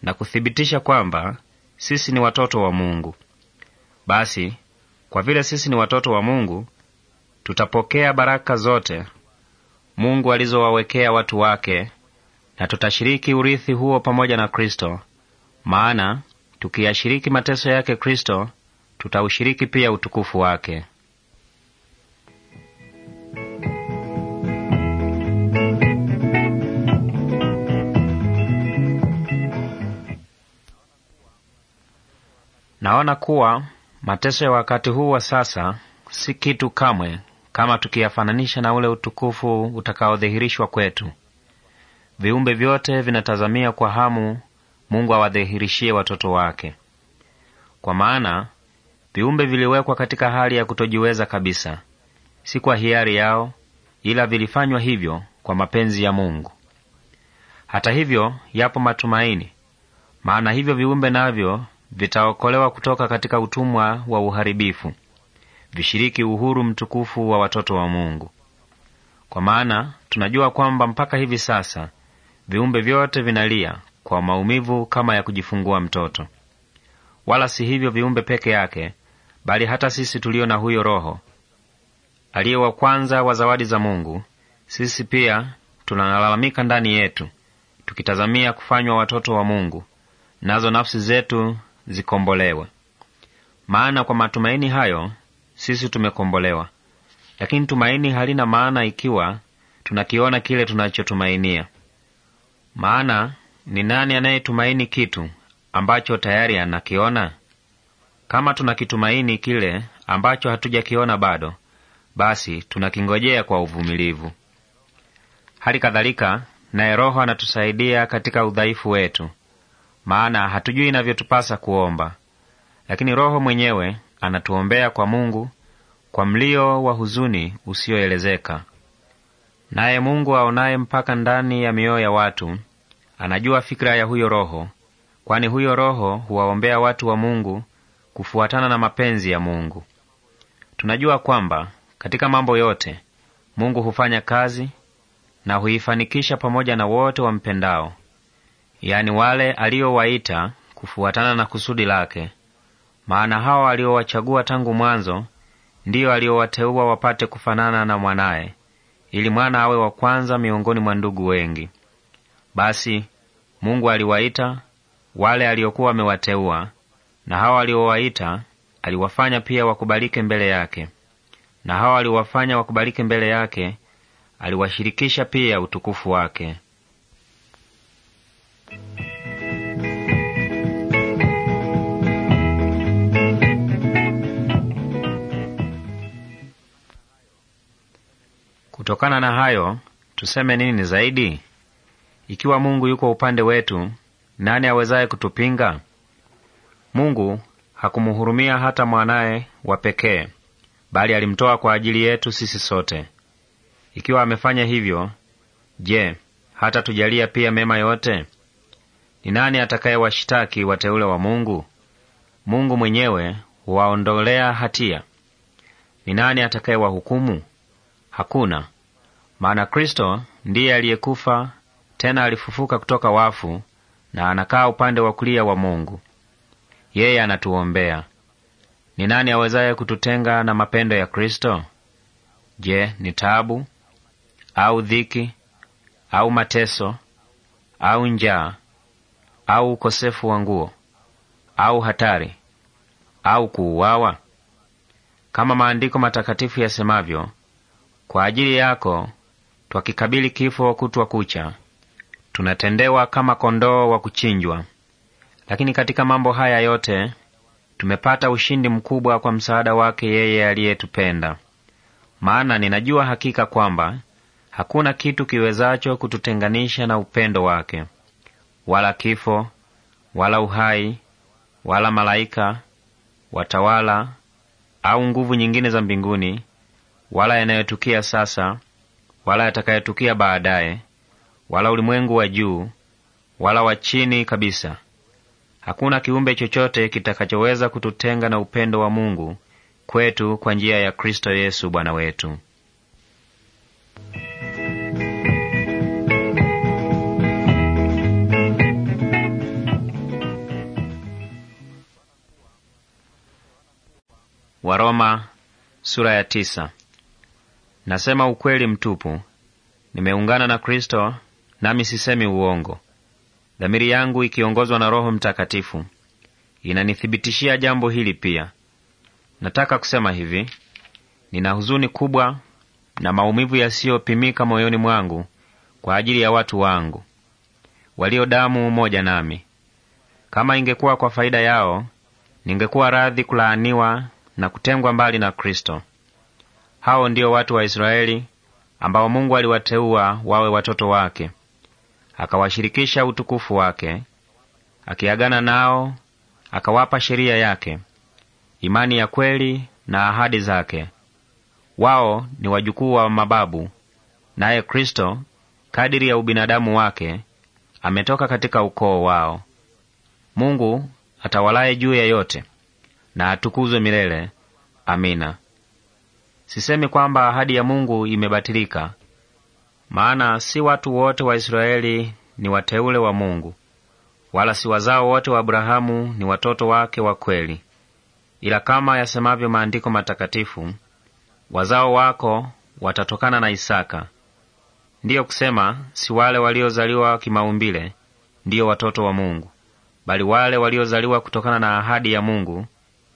na kuthibitisha kwamba sisi ni watoto wa Mungu. Basi kwa vile sisi ni watoto wa Mungu, tutapokea baraka zote Mungu alizowawekea watu wake, na tutashiriki urithi huo pamoja na Kristo, maana tukiyashiriki mateso yake Kristo tutaushiriki pia utukufu wake. Naona kuwa mateso ya wakati huu wa sasa si kitu kamwe kama tukiyafananisha na ule utukufu utakaodhihirishwa kwetu. Viumbe vyote vinatazamia kwa hamu Mungu awadhihirishie watoto wake, kwa maana Viumbe viliwekwa katika hali ya kutojiweza kabisa, si kwa hiari yao, ila vilifanywa hivyo kwa mapenzi ya Mungu. Hata hivyo, yapo matumaini, maana hivyo viumbe navyo vitaokolewa kutoka katika utumwa wa uharibifu, vishiriki uhuru mtukufu wa watoto wa Mungu. Kwa maana tunajua kwamba mpaka hivi sasa viumbe vyote vinalia kwa maumivu kama ya kujifungua mtoto. Wala si hivyo viumbe peke yake, bali hata sisi tulio na huyo Roho aliye wa kwanza wa zawadi za Mungu, sisi pia tunalalamika ndani yetu, tukitazamia kufanywa watoto wa Mungu, nazo nafsi zetu zikombolewe. Maana kwa matumaini hayo sisi tumekombolewa. Lakini tumaini halina maana ikiwa tunakiona kile tunachotumainia. Maana ni nani anayetumaini kitu ambacho tayari anakiona? Kama tuna kitumaini kile ambacho hatujakiona bado, basi tunakingojea kwa uvumilivu. Hali kadhalika naye Roho anatusaidia katika udhaifu wetu, maana hatujui inavyotupasa kuomba, lakini Roho mwenyewe anatuombea kwa Mungu kwa mlio wa huzuni usioelezeka. Naye Mungu aonaye mpaka ndani ya mioyo ya watu anajua fikira ya huyo Roho, kwani huyo Roho huwaombea watu wa Mungu kufuatana na mapenzi ya Mungu. Tunajua kwamba katika mambo yote Mungu hufanya kazi na huifanikisha pamoja na wote wampendao, yaani wale aliowaita kufuatana na kusudi lake. Maana hawa aliowachagua tangu mwanzo ndiyo aliowateua wapate kufanana na mwanaye, ili mwana awe wa kwanza miongoni mwa ndugu wengi. Basi Mungu aliwaita wale aliokuwa amewateua, na hawa aliowaita aliwafanya pia wakubalike mbele yake, na hawa aliwafanya wakubalike mbele yake aliwashirikisha pia utukufu wake. Kutokana na hayo tuseme nini zaidi? Ikiwa Mungu yuko upande wetu, nani awezaye kutupinga? Mungu hakumhurumia hata mwanaye wa pekee, bali alimtoa kwa ajili yetu sisi sote. Ikiwa amefanya hivyo, je, hata tujalia pia mema yote? Ni nani atakayewashitaki wateule wa Mungu? Mungu mwenyewe huwaondolea hatia. Ni nani atakayewahukumu? Hakuna, maana Kristo ndiye aliyekufa tena alifufuka kutoka wafu na anakaa upande wa kulia wa Mungu yeye anatuombea. Ni nani awezaye kututenga na mapendo ya Kristo? Je, ni taabu au dhiki au mateso au njaa au ukosefu wa nguo au hatari au kuuawa? Kama maandiko matakatifu yasemavyo, kwa ajili yako twakikabili kifo kutwa kucha, tunatendewa kama kondoo wa kuchinjwa. Lakini katika mambo haya yote tumepata ushindi mkubwa kwa msaada wake yeye aliyetupenda. Maana ninajua hakika kwamba hakuna kitu kiwezacho kututenganisha na upendo wake, wala kifo, wala uhai, wala malaika, watawala au nguvu nyingine za mbinguni, wala yanayotukia sasa, wala yatakayotukia baadaye, wala ulimwengu wa juu, wala wa chini kabisa Hakuna kiumbe chochote kitakachoweza kututenga na upendo wa Mungu kwetu kwa njia ya Kristo Yesu Bwana wetu. Waroma sura ya tisa. Nasema ukweli mtupu, nimeungana na Kristo, nami sisemi uongo. Dhamiri yangu ikiongozwa na Roho Mtakatifu inanithibitishia jambo hili pia. Nataka kusema hivi: nina huzuni kubwa na maumivu yasiyopimika moyoni mwangu kwa ajili ya watu wangu walio damu moja nami. Kama ingekuwa kwa faida yao, ningekuwa radhi kulaaniwa na kutengwa mbali na Kristo. Hao ndio watu wa Israeli ambao Mungu aliwateua wawe watoto wake akawashirikisha utukufu wake, akiagana nao akawapa sheria yake, imani ya kweli na ahadi zake. Wao ni wajukuu wa mababu, naye Kristo kadiri ya ubinadamu wake ametoka katika ukoo wao. Mungu atawalaye juu ya yote na atukuzwe milele. Amina. Sisemi kwamba ahadi ya Mungu imebatilika, maana si watu wote wa Israeli ni wateule wa Mungu, wala si wazao wote wa Abrahamu ni watoto wake wa kweli, ila kama yasemavyo maandiko matakatifu, wazao wako watatokana na Isaka. Ndiyo kusema si wale waliozaliwa kimaumbile ndiyo watoto wa Mungu, bali wale waliozaliwa kutokana na ahadi ya Mungu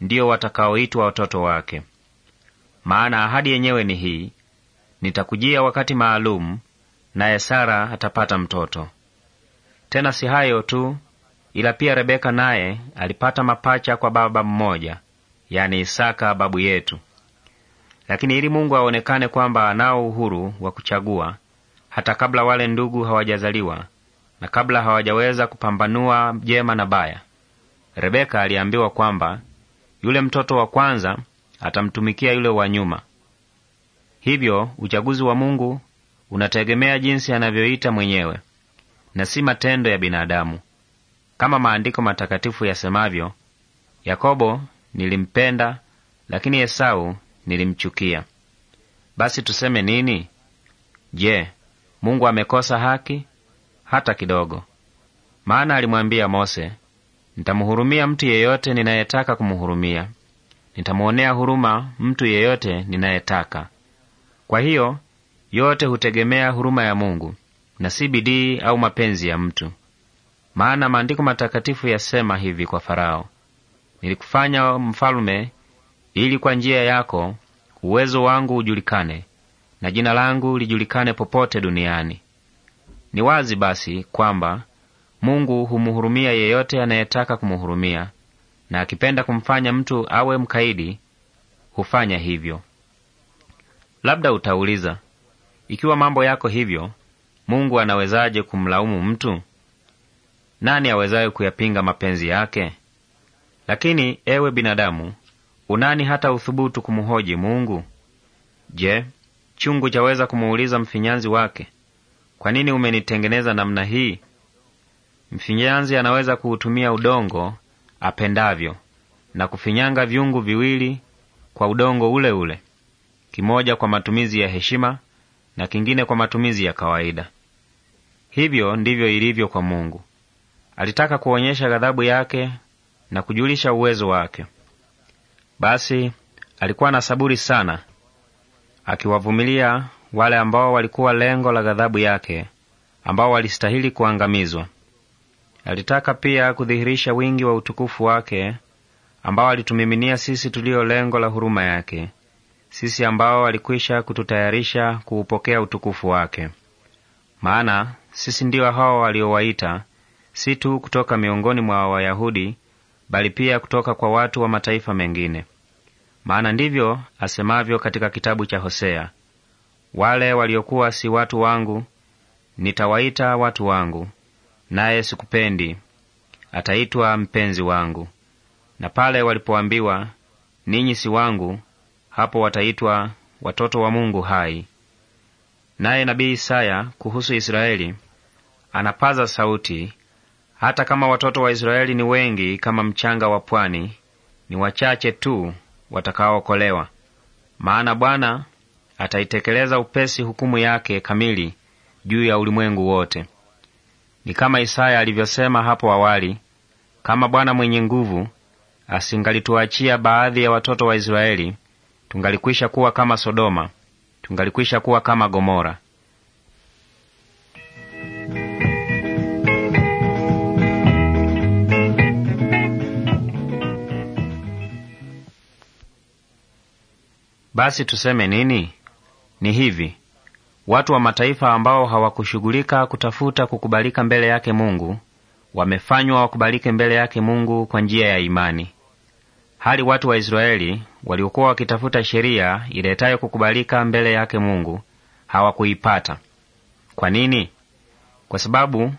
ndiyo watakaoitwa watoto wake. Maana ahadi yenyewe ni hii: nitakujia wakati maalumu naye Sara atapata mtoto. Tena si hayo tu, ila pia Rebeka naye alipata mapacha kwa baba mmoja, yani Isaka babu yetu. Lakini ili Mungu aonekane kwamba anao uhuru wa kuchagua hata kabla wale ndugu hawajazaliwa na kabla hawajaweza kupambanua jema na baya, Rebeka aliambiwa kwamba yule mtoto wa kwanza atamtumikia yule wa nyuma. Hivyo uchaguzi wa Mungu unategemea jinsi anavyoita mwenyewe na si matendo ya binadamu. Kama maandiko matakatifu yasemavyo, Yakobo nilimpenda, lakini Esau nilimchukia. Basi tuseme nini? Je, Mungu amekosa haki? Hata kidogo! Maana alimwambia Mose, nitamhurumia mtu yeyote ninayetaka kumhurumia, nitamwonea huruma mtu yeyote ninayetaka. Kwa hiyo yote hutegemea huruma ya Mungu na si bidii au mapenzi ya mtu. Maana maandiko matakatifu yasema hivi kwa Farao, nilikufanya mfalume ili kwa njia yako uwezo wangu ujulikane na jina langu lijulikane popote duniani. Ni wazi basi kwamba Mungu humhurumia yeyote anayetaka kumhurumia, na akipenda kumfanya mtu awe mkaidi hufanya hivyo. Labda utauliza, ikiwa mambo yako hivyo, Mungu anawezaje kumlaumu mtu? Nani awezaye kuyapinga mapenzi yake? Lakini ewe binadamu, unani hata uthubutu kumhoji Mungu? Je, chungu chaweza kumuuliza mfinyanzi wake, kwa nini umenitengeneza namna hii? Mfinyanzi anaweza kuutumia udongo apendavyo na kufinyanga vyungu viwili kwa udongo ule ule, kimoja kwa matumizi ya heshima na kingine kwa matumizi ya kawaida. Hivyo ndivyo ilivyo kwa Mungu. Alitaka kuonyesha ghadhabu yake na kujulisha uwezo wake. Basi alikuwa na saburi sana, akiwavumilia wale ambao walikuwa lengo la ghadhabu yake, ambao walistahili kuangamizwa. Alitaka pia kudhihirisha wingi wa utukufu wake ambao alitumiminia sisi tulio lengo la huruma yake, sisi ambao alikwisha kututayarisha kuupokea utukufu wake. Maana sisi ndio hao waliowaita, si tu kutoka miongoni mwa Wayahudi, bali pia kutoka kwa watu wa mataifa mengine. Maana ndivyo asemavyo katika kitabu cha Hosea, wale waliokuwa si watu wangu nitawaita watu wangu, naye sikupendi, ataitwa mpenzi wangu. Na pale walipoambiwa ninyi si wangu, hapo wataitwa watoto wa Mungu hai. Naye nabii Isaya kuhusu Israeli anapaza sauti, hata kama watoto wa Israeli ni wengi kama mchanga wa pwani, ni wachache tu watakaookolewa. Maana Bwana ataitekeleza upesi hukumu yake kamili juu ya ulimwengu wote. Ni kama Isaya alivyosema hapo awali, kama Bwana mwenye nguvu asingalituachia baadhi ya watoto wa Israeli tungalikwisha kuwa kama Sodoma, tungalikwisha kuwa kama Gomora. Basi tuseme nini? Ni hivi: watu wa mataifa ambao hawakushughulika kutafuta kukubalika mbele yake Mungu wamefanywa wakubalike mbele yake Mungu kwa njia ya imani hali watu wa Israeli waliokuwa wakitafuta sheria iletayo kukubalika mbele yake Mungu hawakuipata. Kwa nini? Kwa sababu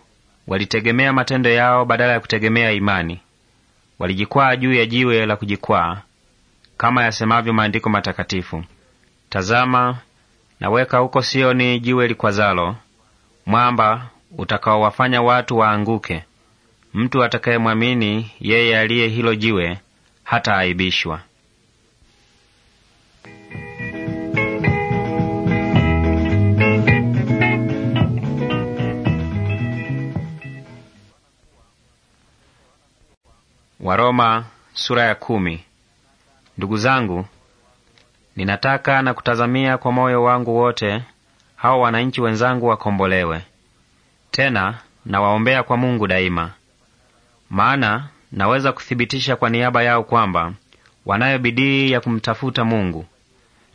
walitegemea matendo yao badala ya kutegemea imani. Walijikwaa juu ya jiwe la kujikwaa, kama yasemavyo maandiko matakatifu: Tazama, naweka huko Sioni jiwe likwazalo, mwamba utakaowafanya watu waanguke. Mtu atakayemwamini yeye aliye hilo jiwe aibishwa. Waroma sura ya kumi. Ndugu zangu, ninataka na kutazamia kwa moyo wangu wote hao wananchi wenzangu wakombolewe. Tena nawaombea kwa Mungu daima, maana naweza kuthibitisha kwa niaba yao kwamba wanayo bidii ya kumtafuta Mungu,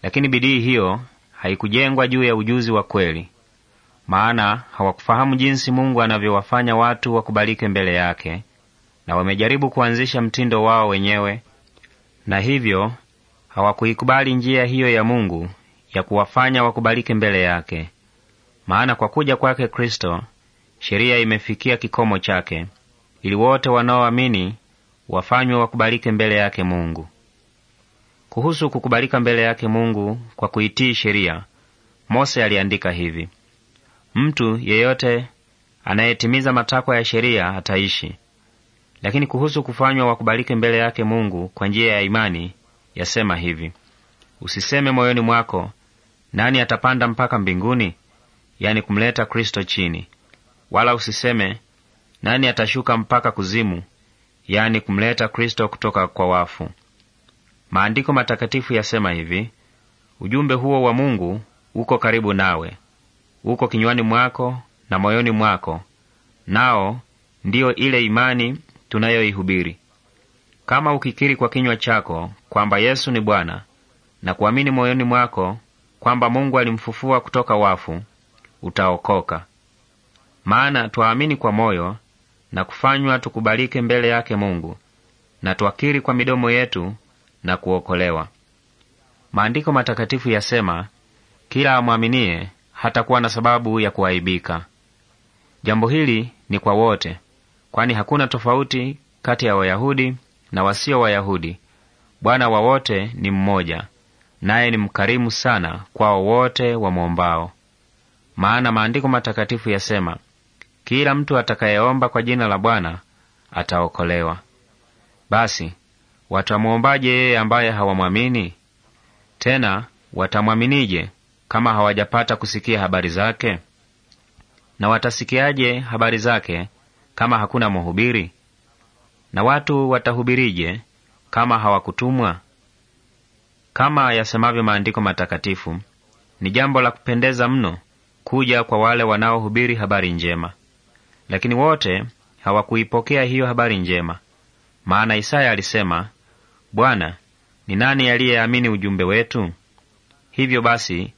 lakini bidii hiyo haikujengwa juu ya ujuzi wa kweli, maana hawakufahamu jinsi Mungu anavyowafanya watu wakubalike mbele yake, na wamejaribu kuanzisha mtindo wao wenyewe, na hivyo hawakuikubali njia hiyo ya Mungu ya kuwafanya wakubalike mbele yake. Maana kwa kuja kwake Kristo sheria imefikia kikomo chake ili wote wanaoamini wafanywe wakubalike mbele yake Mungu. Kuhusu kukubalika mbele yake Mungu kwa kuitii sheria, Mose aliandika hivi: mtu yeyote anayetimiza matakwa ya sheria ataishi. Lakini kuhusu kufanywa wakubalike mbele yake Mungu kwa njia ya imani, yasema hivi: usiseme moyoni mwako, nani atapanda mpaka mbinguni, yani kumleta Kristo chini, wala usiseme nani atashuka mpaka kuzimu, yani kumleta Kristo kutoka kwa wafu? Maandiko matakatifu yasema hivi: ujumbe huo wa Mungu uko karibu nawe, uko kinywani mwako na moyoni mwako, nao ndiyo ile imani tunayoihubiri. Kama ukikiri kwa kinywa chako kwamba Yesu ni Bwana na kuamini moyoni mwako kwamba Mungu alimfufua kutoka wafu, utaokoka. Maana twaamini kwa moyo na kufanywa tukubalike mbele yake Mungu, na tuakiri kwa midomo yetu na kuokolewa. Maandiko matakatifu yasema, kila amwaminie hatakuwa na sababu ya kuaibika. Jambo hili ni kwa wote, kwani hakuna tofauti kati ya Wayahudi na wasio Wayahudi. Bwana wa wote ni mmoja, naye ni mkarimu sana kwao wote wamwombao. Maana maandiko matakatifu yasema, kila mtu atakayeomba kwa jina la Bwana ataokolewa. Basi watamwombaje yeye ambaye hawamwamini? Tena watamwaminije kama hawajapata kusikia habari zake? Na watasikiaje habari zake kama hakuna mhubiri? Na watu watahubirije kama hawakutumwa? Kama yasemavyo maandiko matakatifu, ni jambo la kupendeza mno kuja kwa wale wanaohubiri habari njema. Lakini wote hawakuipokea hiyo habari njema. Maana Isaya alisema, Bwana, ni nani aliyeamini ujumbe wetu? Hivyo basi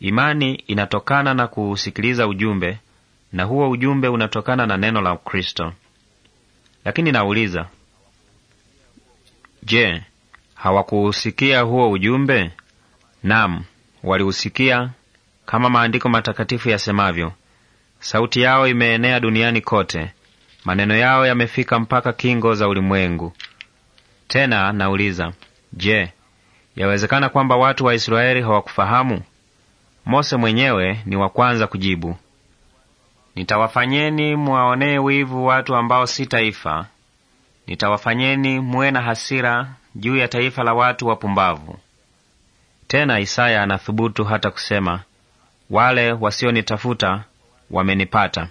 imani inatokana na kuusikiliza ujumbe, na huo ujumbe unatokana na neno la Kristo. Lakini nauliza, je, hawakuusikia huo ujumbe? nam waliusikia, kama maandiko matakatifu yasemavyo, Sauti yao imeenea duniani kote, maneno yao yamefika mpaka kingo za ulimwengu. Tena nauliza, je, yawezekana kwamba watu wa Israeli hawakufahamu? Mose mwenyewe ni wa kwanza kujibu, nitawafanyeni mwaonee wivu watu ambao si taifa, nitawafanyeni muwe na hasira juu ya taifa la watu wapumbavu. Tena Isaya anathubutu hata kusema, wale wasionitafuta wamenipata.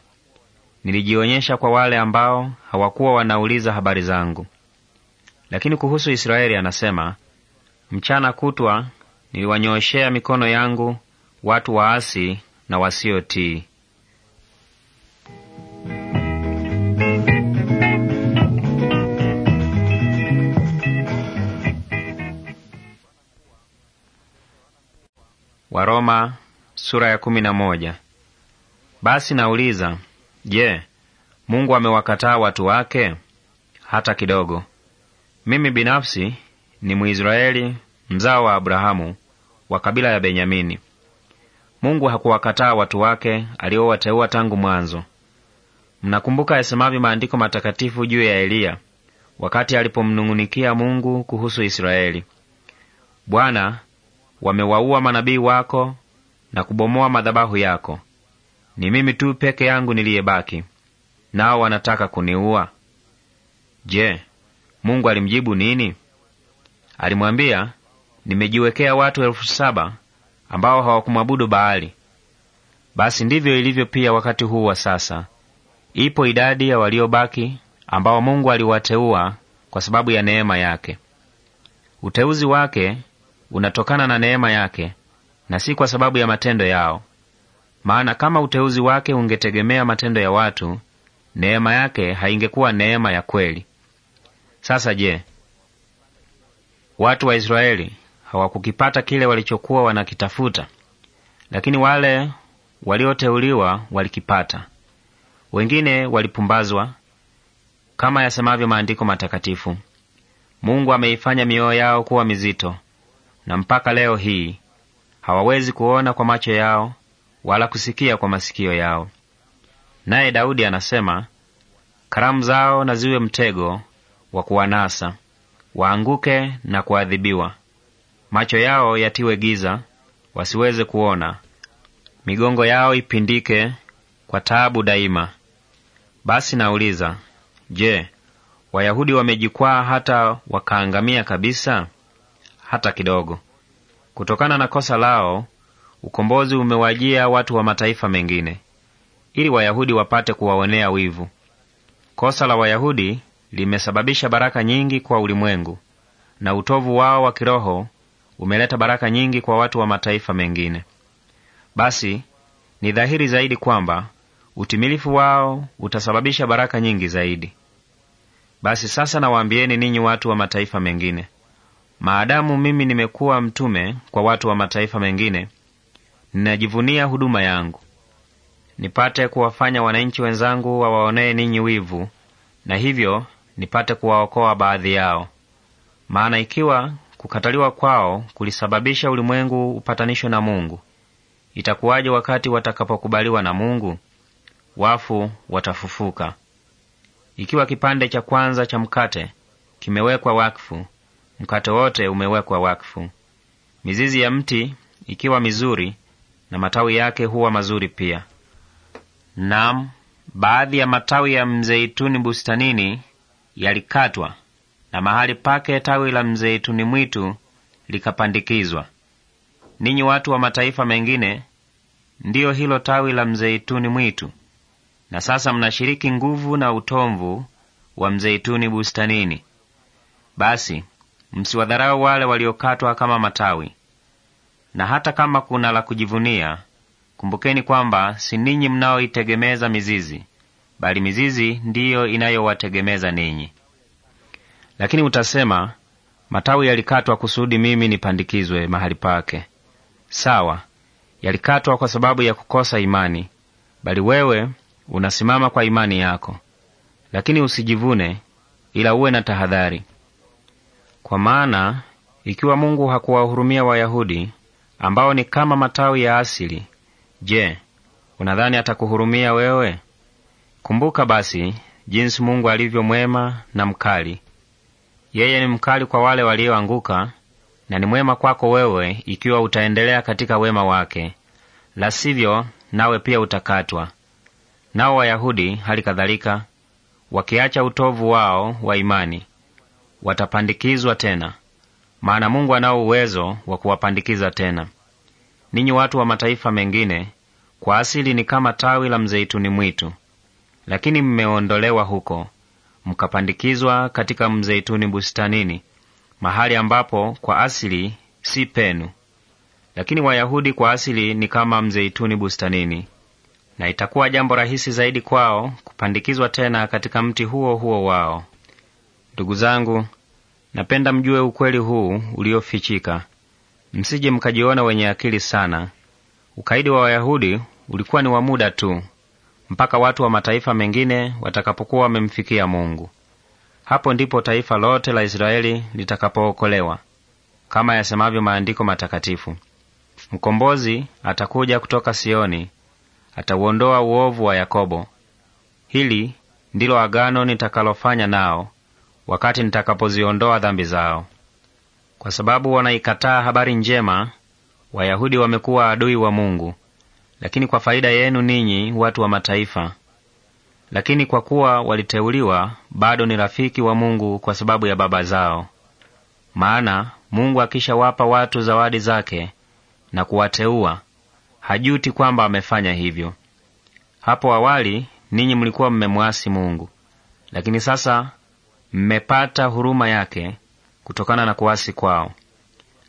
Nilijionyesha kwa wale ambao hawakuwa wanauliza habari zangu. Lakini kuhusu Israeli anasema, mchana kutwa niliwanyooshea mikono yangu watu waasi na wasiotii. Waroma sura ya kumi na moja. Basi nauliza, je, Mungu amewakataa watu wake? Hata kidogo. Mimi binafsi ni Mwisraeli mzao wa Abrahamu wa kabila ya Benyamini. Mungu hakuwakataa watu wake aliowateua tangu mwanzo. Mnakumbuka yasemavyo maandiko matakatifu juu ya Eliya wakati alipomnung'unikia Mungu kuhusu Israeli: Bwana, wamewaua manabii wako na kubomoa madhabahu yako, ni mimi tu peke yangu niliyebaki, nao wanataka kuniua. Je, Mungu alimjibu nini? Alimwambia, nimejiwekea watu elfu saba ambao hawakumwabudu Baali. Basi ndivyo ilivyo pia wakati huu wa sasa. Ipo idadi ya waliobaki ambao Mungu aliwateua kwa sababu ya neema yake. Uteuzi wake unatokana na neema yake na si kwa sababu ya matendo yao. Maana kama uteuzi wake ungetegemea matendo ya watu, neema yake haingekuwa neema ya kweli. Sasa je, watu wa Israeli hawakukipata kile walichokuwa wanakitafuta? Lakini wale walioteuliwa walikipata. Wengine walipumbazwa, kama yasemavyo maandiko matakatifu, Mungu ameifanya mioyo yao kuwa mizito, na mpaka leo hii hawawezi kuona kwa macho yao wala kusikia kwa masikio yao. Naye Daudi anasema, karamu zao na ziwe mtego wa kuwanasa, waanguke na kuadhibiwa. Macho yao yatiwe giza, wasiweze kuona, migongo yao ipindike kwa taabu daima. Basi nauliza, je, Wayahudi wamejikwaa hata wakaangamia kabisa? Hata kidogo. Kutokana na kosa lao Ukombozi umewajia watu wa mataifa mengine ili Wayahudi wapate kuwaonea wivu. Kosa la Wayahudi limesababisha baraka nyingi kwa ulimwengu, na utovu wao wa kiroho umeleta baraka nyingi kwa watu wa mataifa mengine. Basi ni dhahiri zaidi kwamba utimilifu wao utasababisha baraka nyingi zaidi. Basi sasa nawaambieni ninyi watu wa mataifa mengine, maadamu mimi nimekuwa mtume kwa watu wa mataifa mengine Ninajivunia huduma yangu, nipate kuwafanya wananchi wenzangu wawaonee ninyi wivu, na hivyo nipate kuwaokoa baadhi yao. Maana ikiwa kukataliwa kwao kulisababisha ulimwengu upatanishwe na Mungu, itakuwaje wakati watakapokubaliwa na Mungu? Wafu watafufuka. Ikiwa kipande cha kwanza cha mkate kimewekwa wakfu, mkate wote umewekwa wakfu. Mizizi ya mti ikiwa mizuri na matawi yake huwa mazuri pia. Naam, baadhi ya matawi ya mzeituni bustanini yalikatwa na mahali pake tawi la mzeituni mwitu likapandikizwa. Ninyi watu wa mataifa mengine, ndiyo hilo tawi la mzeituni mwitu, na sasa mnashiriki nguvu na utomvu wa mzeituni bustanini. Basi msiwadharau wale waliokatwa kama matawi, na hata kama kuna la kujivunia, kumbukeni kwamba si ninyi mnaoitegemeza mizizi, bali mizizi ndiyo inayowategemeza ninyi. Lakini utasema, matawi yalikatwa kusudi mimi nipandikizwe mahali pake. Sawa, yalikatwa kwa sababu ya kukosa imani, bali wewe unasimama kwa imani yako. Lakini usijivune, ila uwe na tahadhari, kwa maana ikiwa Mungu hakuwahurumia Wayahudi, ambao ni kama matawi ya asili. Je, unadhani atakuhurumia wewe? Kumbuka basi jinsi Mungu alivyo mwema na mkali. Yeye ni mkali kwa wale walioanguka na ni mwema kwako wewe, ikiwa utaendelea katika wema wake; la sivyo, nawe pia utakatwa. Nao Wayahudi hali kadhalika, wakiacha utovu wao wa imani, watapandikizwa tena, maana Mungu anao uwezo wa kuwapandikiza tena. Ninyi watu wa mataifa mengine kwa asili ni kama tawi la mzeituni mwitu, lakini mmeondolewa huko, mkapandikizwa katika mzeituni bustanini, mahali ambapo kwa asili si penu. Lakini Wayahudi kwa asili ni kama mzeituni bustanini, na itakuwa jambo rahisi zaidi kwao kupandikizwa tena katika mti huo huo wao. Ndugu zangu, napenda mjue ukweli huu uliofichika, msije mkajiona wenye akili sana. Ukaidi wa Wayahudi ulikuwa ni wa muda tu, mpaka watu wa mataifa mengine watakapokuwa wamemfikia Mungu. Hapo ndipo taifa lote la Israeli litakapookolewa, kama yasemavyo maandiko matakatifu: Mkombozi atakuja kutoka Sioni, atauondoa uovu wa Yakobo. Hili ndilo agano nitakalofanya nao wakati nitakapoziondoa dhambi zao. Kwa sababu wanaikataa habari njema, Wayahudi wamekuwa adui wa Mungu, lakini kwa faida yenu ninyi watu wa mataifa. Lakini kwa kuwa waliteuliwa, bado ni rafiki wa Mungu kwa sababu ya baba zao. Maana Mungu akishawapa watu zawadi zake na kuwateua, hajuti kwamba amefanya hivyo. Hapo awali ninyi mlikuwa mmemwasi Mungu, lakini sasa mmepata huruma yake kutokana na kuasi kwao.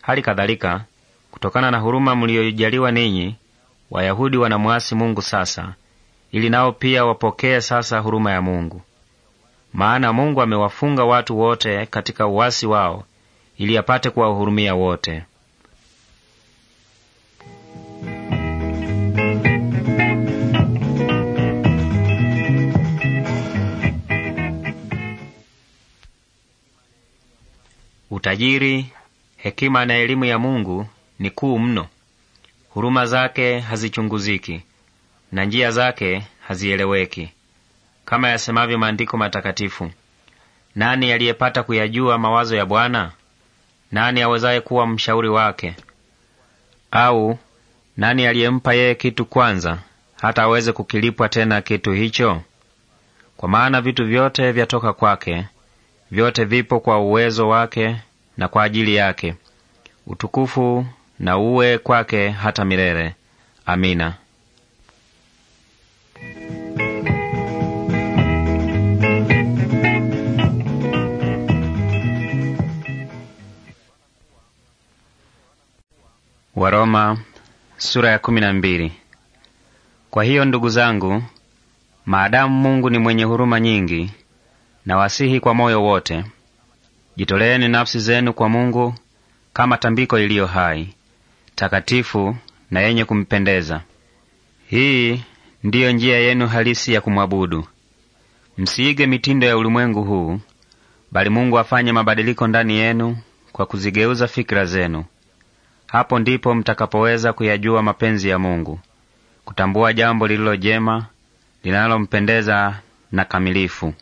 Hali kadhalika, kutokana na huruma mliyojaliwa ninyi, Wayahudi wanamwasi Mungu sasa, ili nao pia wapokee sasa huruma ya Mungu. Maana Mungu amewafunga watu wote katika uasi wao, ili apate kuwahurumia wote. Utajiri, hekima na elimu ya Mungu ni kuu mno. Huruma zake hazichunguziki na njia zake hazieleweki. Kama yasemavyo maandiko matakatifu, nani aliyepata kuyajua mawazo ya Bwana? Nani awezaye kuwa mshauri wake? Au nani aliyempa yeye kitu kwanza, hata aweze kukilipwa tena kitu hicho? Kwa maana vitu vyote vyatoka kwake, vyote vipo kwa uwezo wake, na kwa ajili yake. Utukufu na uwe kwake hata milele. Amina. Waroma sura ya kumi na mbili. Kwa hiyo ndugu zangu, maadamu Mungu ni mwenye huruma nyingi, nawasihi kwa moyo wote Jitoleeni nafsi zenu kwa Mungu kama tambiko iliyo hai, takatifu na yenye kumpendeza. Hii ndiyo njia yenu halisi ya kumwabudu. Msiige mitindo ya ulimwengu huu, bali Mungu afanye mabadiliko ndani yenu kwa kuzigeuza fikira zenu. Hapo ndipo mtakapoweza kuyajua mapenzi ya Mungu, kutambua jambo lililo jema, linalompendeza na kamilifu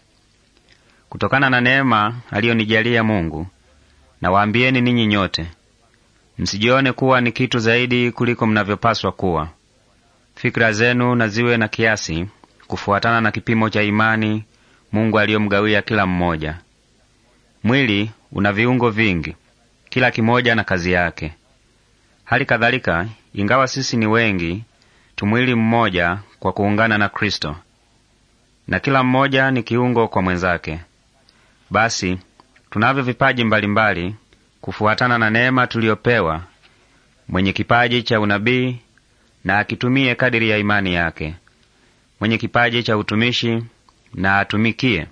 kutokana na neema aliyonijalia Mungu. Nawaambieni ninyi nyote, msijione kuwa ni kitu zaidi kuliko mnavyopaswa kuwa. Fikra zenu na ziwe na kiasi kufuatana na kipimo cha imani Mungu aliyomgawia kila mmoja. Mwili una viungo vingi, kila kimoja na kazi yake. Hali kadhalika, ingawa sisi ni wengi, tumwili mmoja kwa kuungana na Kristo, na kila mmoja ni kiungo kwa mwenzake. Basi tunavyo vipaji mbalimbali mbali, kufuatana na neema tuliyopewa. Mwenye kipaji cha unabii na akitumie kadiri ya imani yake. Mwenye kipaji cha utumishi na atumikie.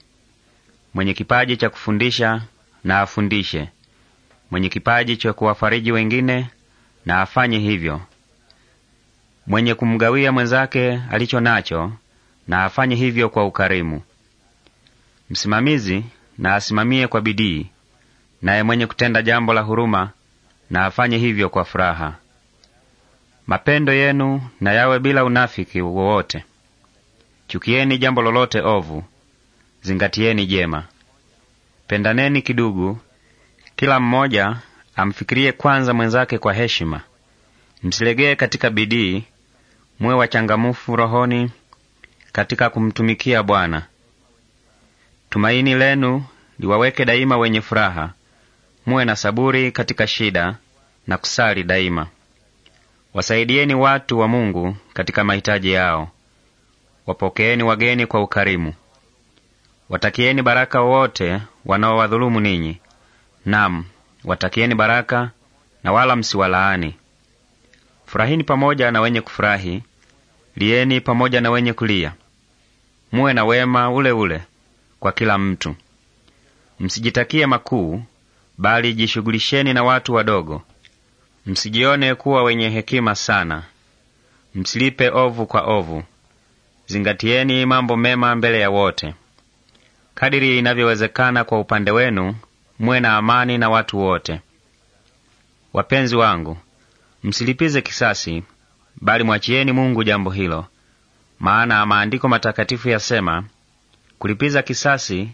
Mwenye kipaji cha kufundisha na afundishe. Mwenye kipaji cha kuwafariji wengine na afanye hivyo. Mwenye kumgawia mwenzake alicho nacho na afanye hivyo kwa ukarimu. Msimamizi na asimamie kwa bidii, naye mwenye kutenda jambo la huruma na afanye hivyo kwa furaha. Mapendo yenu na yawe bila unafiki wowote. Chukieni jambo lolote ovu, zingatieni jema. Pendaneni kidugu, kila mmoja amfikirie kwanza mwenzake kwa heshima. Msilegee katika bidii, muwe wachangamufu rohoni katika kumtumikia Bwana. Tumaini lenu liwaweke daima wenye furaha, muwe na saburi katika shida na kusali daima. Wasaidieni watu wa Mungu katika mahitaji yao, wapokeeni wageni kwa ukarimu. Watakieni baraka wote wanaowadhulumu ninyi, nam watakieni baraka na wala msiwalaani. Furahini pamoja na wenye kufurahi, lieni pamoja na wenye kulia. Muwe na wema ule ule kwa kila mtu. Msijitakie makuu, bali jishughulisheni na watu wadogo. Msijione kuwa wenye hekima sana, msilipe ovu kwa ovu. Zingatieni mambo mema mbele ya wote. Kadiri inavyowezekana kwa upande wenu, muwe na amani na watu wote. Wapenzi wangu, msilipize kisasi, bali mwachieni Mungu jambo hilo, maana maandiko matakatifu yasema, kulipiza kisasi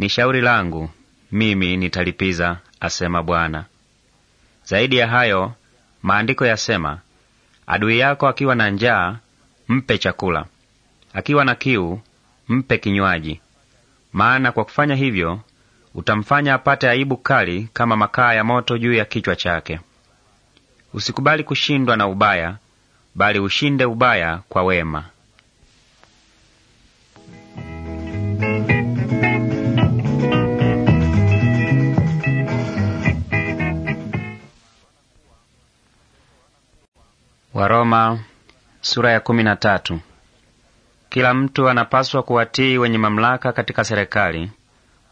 ni shauri langu, mimi nitalipiza, asema Bwana. Zaidi ya hayo, maandiko yasema, adui yako akiwa na njaa mpe chakula, akiwa na kiu mpe kinywaji, maana kwa kufanya hivyo utamfanya apate aibu kali kama makaa ya moto juu ya kichwa chake. Usikubali kushindwa na ubaya, bali ushinde ubaya kwa wema. Waroma sura ya kumi na tatu. Kila mtu anapaswa kuwatii wenye mamlaka katika serikali,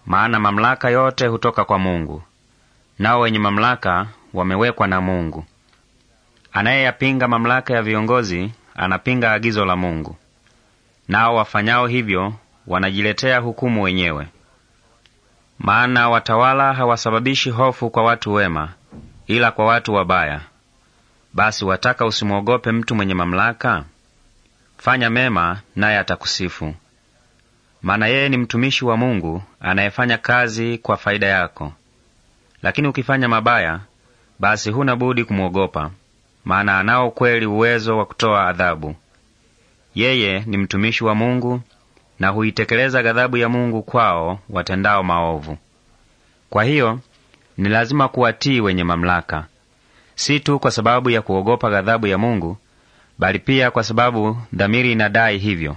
maana mamlaka yote hutoka kwa Mungu, nao wenye mamlaka wamewekwa na Mungu. Anayeyapinga mamlaka ya viongozi anapinga agizo la Mungu, nao wafanyao hivyo wanajiletea hukumu wenyewe. Maana watawala hawasababishi hofu kwa watu wema, ila kwa watu wabaya. Basi wataka usimwogope mtu mwenye mamlaka? Fanya mema, naye atakusifu, maana yeye ni mtumishi wa Mungu anayefanya kazi kwa faida yako. Lakini ukifanya mabaya, basi huna budi kumwogopa, maana anao kweli uwezo wa kutoa adhabu. Yeye ni mtumishi wa Mungu na huitekeleza ghadhabu ya Mungu kwao watendao maovu. Kwa hiyo ni lazima kuwatii wenye mamlaka, si tu kwa sababu ya kuogopa ghadhabu ya Mungu, bali pia kwa sababu dhamiri inadai hivyo.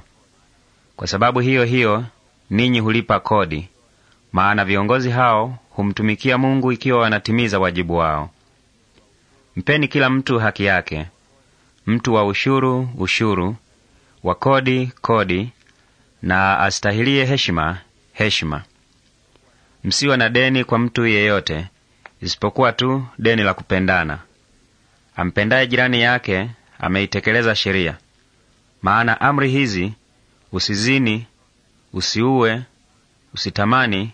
Kwa sababu hiyo hiyo, ninyi hulipa kodi, maana viongozi hao humtumikia Mungu ikiwa wanatimiza wajibu wao. Mpeni kila mtu haki yake, mtu wa ushuru ushuru, wa kodi kodi, na astahilie heshima heshima. Msiwe na deni kwa mtu yeyote isipokuwa tu deni la kupendana. Ampendaye jirani yake ameitekeleza sheria. Maana amri hizi, usizini, usiue, usitamani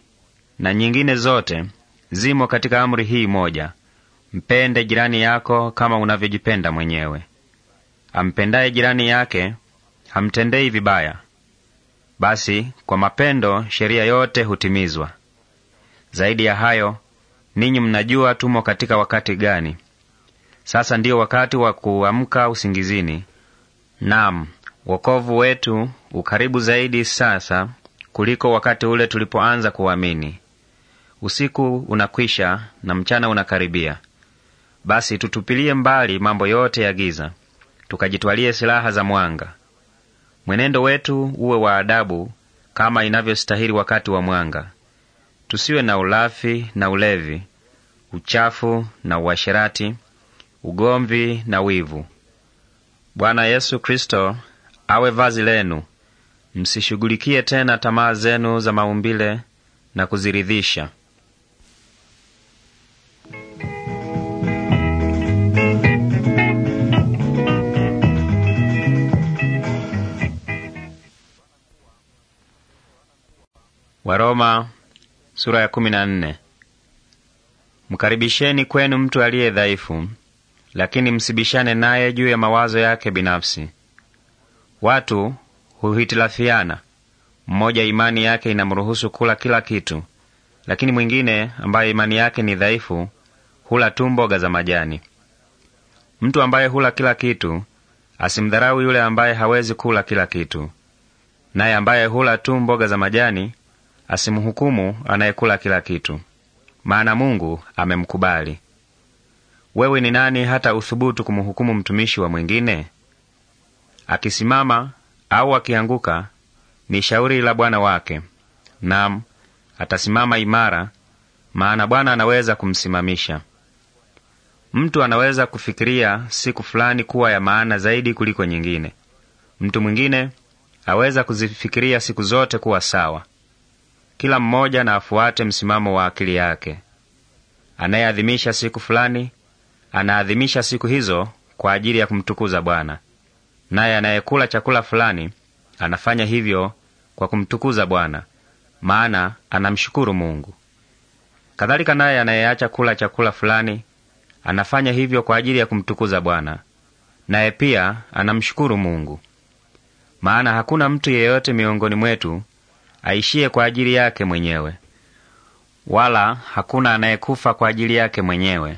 na nyingine zote zimo katika amri hii moja, mpende jirani yako kama unavyojipenda mwenyewe. Ampendaye jirani yake hamtendei vibaya. Basi kwa mapendo sheria yote hutimizwa. Zaidi ya hayo, ninyi mnajua tumo katika wakati gani. Sasa ndiyo wakati wa kuamka usingizini. Naam, wokovu wetu ukaribu zaidi sasa kuliko wakati ule tulipoanza kuamini. Usiku unakwisha na mchana unakaribia. Basi tutupilie mbali mambo yote ya giza, tukajitwalie silaha za mwanga. Mwenendo wetu uwe wa adabu kama inavyostahili wakati wa mwanga. Tusiwe na ulafi na ulevi, uchafu na uasherati ugomvi na wivu. Bwana Yesu Kristo awe vazi lenu. Msishughulikie tena tamaa zenu za maumbile na kuziridhisha. Waroma sura ya kumi na nne. Mkaribisheni kwenu mtu aliye dhaifu lakini msibishane naye juu ya mawazo yake binafsi. Watu huhitilafiana, mmoja imani yake inamruhusu kula kila kitu, lakini mwingine ambaye imani yake ni dhaifu hula tu mboga za majani. Mtu ambaye hula kila kitu asimdharau yule ambaye hawezi kula kila kitu, naye ambaye hula tu mboga za majani asimhukumu anayekula kila kitu, maana Mungu amemkubali wewe ni nani hata uthubutu kumhukumu mtumishi wa mwingine? Akisimama au akianguka, ni shauri la bwana wake. nam atasimama imara, maana Bwana anaweza kumsimamisha. Mtu anaweza kufikiria siku fulani kuwa ya maana zaidi kuliko nyingine. Mtu mwingine aweza kuzifikiria siku zote kuwa sawa. Kila mmoja na afuate msimamo wa akili yake. Anayeadhimisha siku fulani anaadhimisha siku hizo kwa ajili ya kumtukuza Bwana. Naye anayekula chakula fulani anafanya hivyo kwa kumtukuza Bwana, maana anamshukuru Mungu. Kadhalika naye anayeacha kula chakula fulani anafanya hivyo kwa ajili ya kumtukuza Bwana, naye pia anamshukuru Mungu. Maana hakuna mtu yeyote miongoni mwetu aishiye kwa ajili yake mwenyewe, wala hakuna anayekufa kwa ajili yake mwenyewe.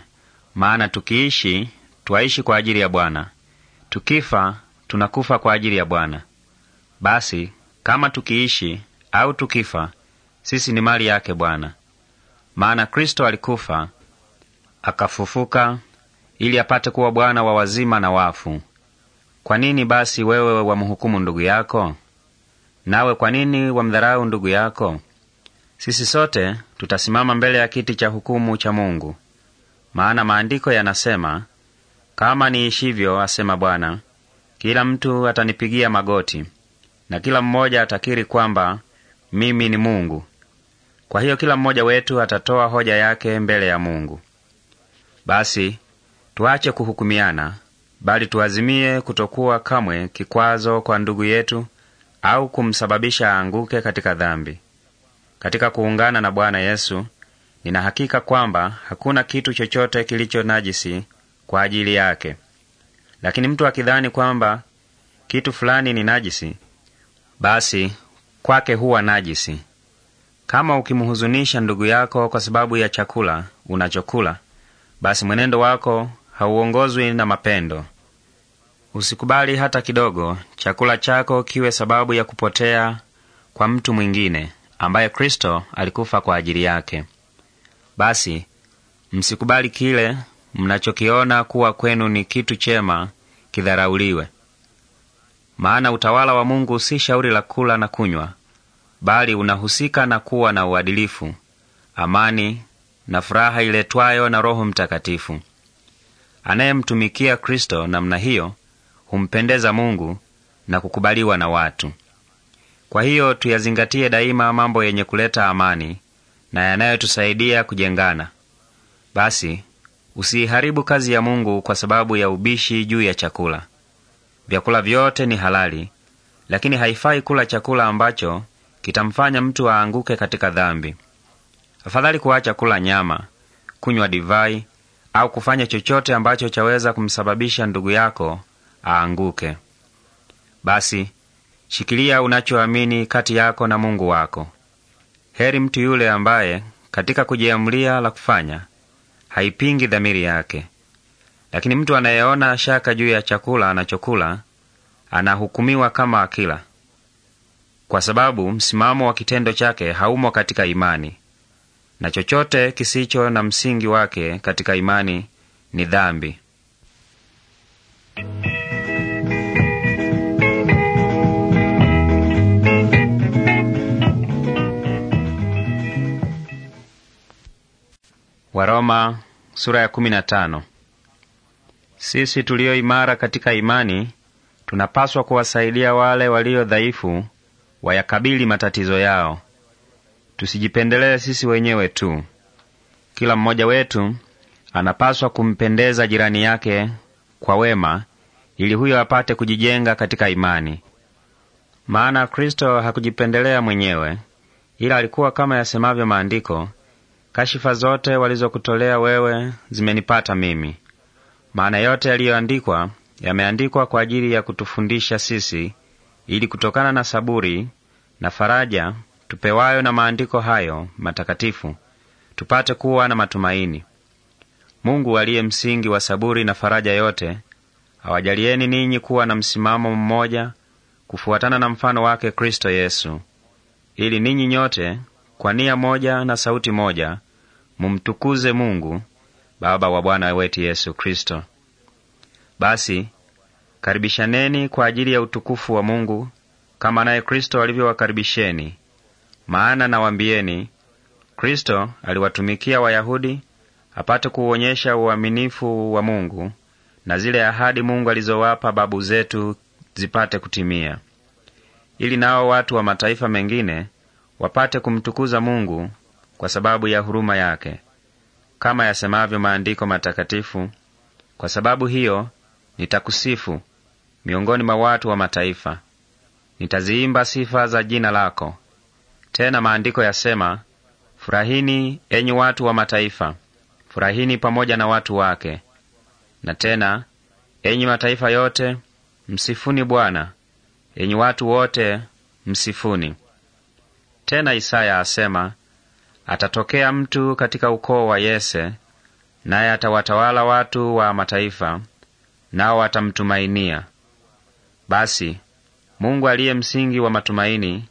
Maana tukiishi twaishi kwa ajili ya Bwana, tukifa tunakufa kwa ajili ya Bwana. Basi kama tukiishi au tukifa, sisi ni mali yake Bwana. Maana Kristo alikufa akafufuka, ili apate kuwa Bwana wa wazima na wafu. Kwa nini basi wewe wamhukumu ndugu yako? Nawe kwa nini wamdharau ndugu yako? Sisi sote tutasimama mbele ya kiti cha hukumu cha Mungu. Maana maandiko yanasema, kama niishivyo, asema Bwana, kila mtu atanipigia magoti na kila mmoja atakiri kwamba mimi ni Mungu. Kwa hiyo kila mmoja wetu atatoa hoja yake mbele ya Mungu. Basi tuache kuhukumiana, bali tuazimie kutokuwa kamwe kikwazo kwa ndugu yetu au kumsababisha aanguke katika dhambi. Katika kuungana na Bwana Yesu Nina hakika kwamba hakuna kitu chochote kilicho najisi kwa ajili yake. Lakini mtu akidhani kwamba kitu fulani ni najisi, basi kwake huwa najisi. Kama ukimhuzunisha ndugu yako kwa sababu ya chakula unachokula, basi mwenendo wako hauongozwi na mapendo. Usikubali hata kidogo chakula chako kiwe sababu ya kupotea kwa mtu mwingine ambaye Kristo alikufa kwa ajili yake. Basi msikubali kile mnachokiona kuwa kwenu ni kitu chema kidharauliwe. Maana utawala wa Mungu si shauri la kula na kunywa, bali unahusika na kuwa na uadilifu, amani na furaha iletwayo na Roho Mtakatifu. Anayemtumikia Kristo namna hiyo humpendeza Mungu na kukubaliwa na watu. Kwa hiyo tuyazingatie daima mambo yenye kuleta amani na yanayotusaidia kujengana. Basi usiiharibu kazi ya Mungu kwa sababu ya ubishi juu ya chakula. Vyakula vyote ni halali, lakini haifai kula chakula ambacho kitamfanya mtu aanguke katika dhambi. Afadhali kuacha kula nyama, kunywa divai au kufanya chochote ambacho chaweza kumsababisha ndugu yako aanguke. Basi shikilia unachoamini kati yako na Mungu wako. Heri mtu yule ambaye katika kujiamlia la kufanya haipingi dhamiri yake. Lakini mtu anayeona shaka juu ya chakula anachokula anahukumiwa kama akila, kwa sababu msimamo wa kitendo chake haumo katika imani, na chochote kisicho na msingi wake katika imani ni dhambi. Waroma sura ya kumi na tano. Sisi tulio imara katika imani tunapaswa kuwasaidia wale walio dhaifu wayakabili matatizo yao. Tusijipendelee sisi wenyewe tu. Kila mmoja wetu anapaswa kumpendeza jirani yake kwa wema, ili huyo apate kujijenga katika imani. Maana Kristo hakujipendelea mwenyewe, ila alikuwa kama yasemavyo Maandiko, Kashifa zote walizokutolea wewe zimenipata mimi, maana yote yaliyoandikwa yameandikwa kwa ajili ya kutufundisha sisi, ili kutokana na saburi na faraja tupewayo na maandiko hayo matakatifu tupate kuwa na matumaini. Mungu aliye msingi wa saburi na faraja yote awajalieni ninyi kuwa na msimamo mmoja kufuatana na mfano wake Kristo Yesu, ili ninyi nyote kwa nia moja na sauti moja mumtukuze Mungu Baba wa Bwana wetu Yesu Kristo. Basi karibishaneni kwa ajili ya utukufu wa Mungu kama naye Kristo alivyowakaribisheni. Maana nawambieni, Kristo aliwatumikia Wayahudi apate kuuonyesha uaminifu wa Mungu na zile ahadi Mungu alizowapa babu zetu zipate kutimia, ili nao watu wa mataifa mengine wapate kumtukuza Mungu kwa sababu ya huruma yake, kama yasemavyo maandiko matakatifu, kwa sababu hiyo nitakusifu miongoni mwa watu wa mataifa, nitaziimba sifa za jina lako. Tena maandiko yasema, furahini enyi watu wa mataifa, furahini pamoja na watu wake. Na tena, enyi mataifa yote, msifuni Bwana, enyi watu wote, msifuni. Tena Isaya asema, atatokea mtu katika ukoo wa Yese, naye atawatawala watu wa mataifa, nao watamtumainia. Basi Mungu aliye msingi wa matumaini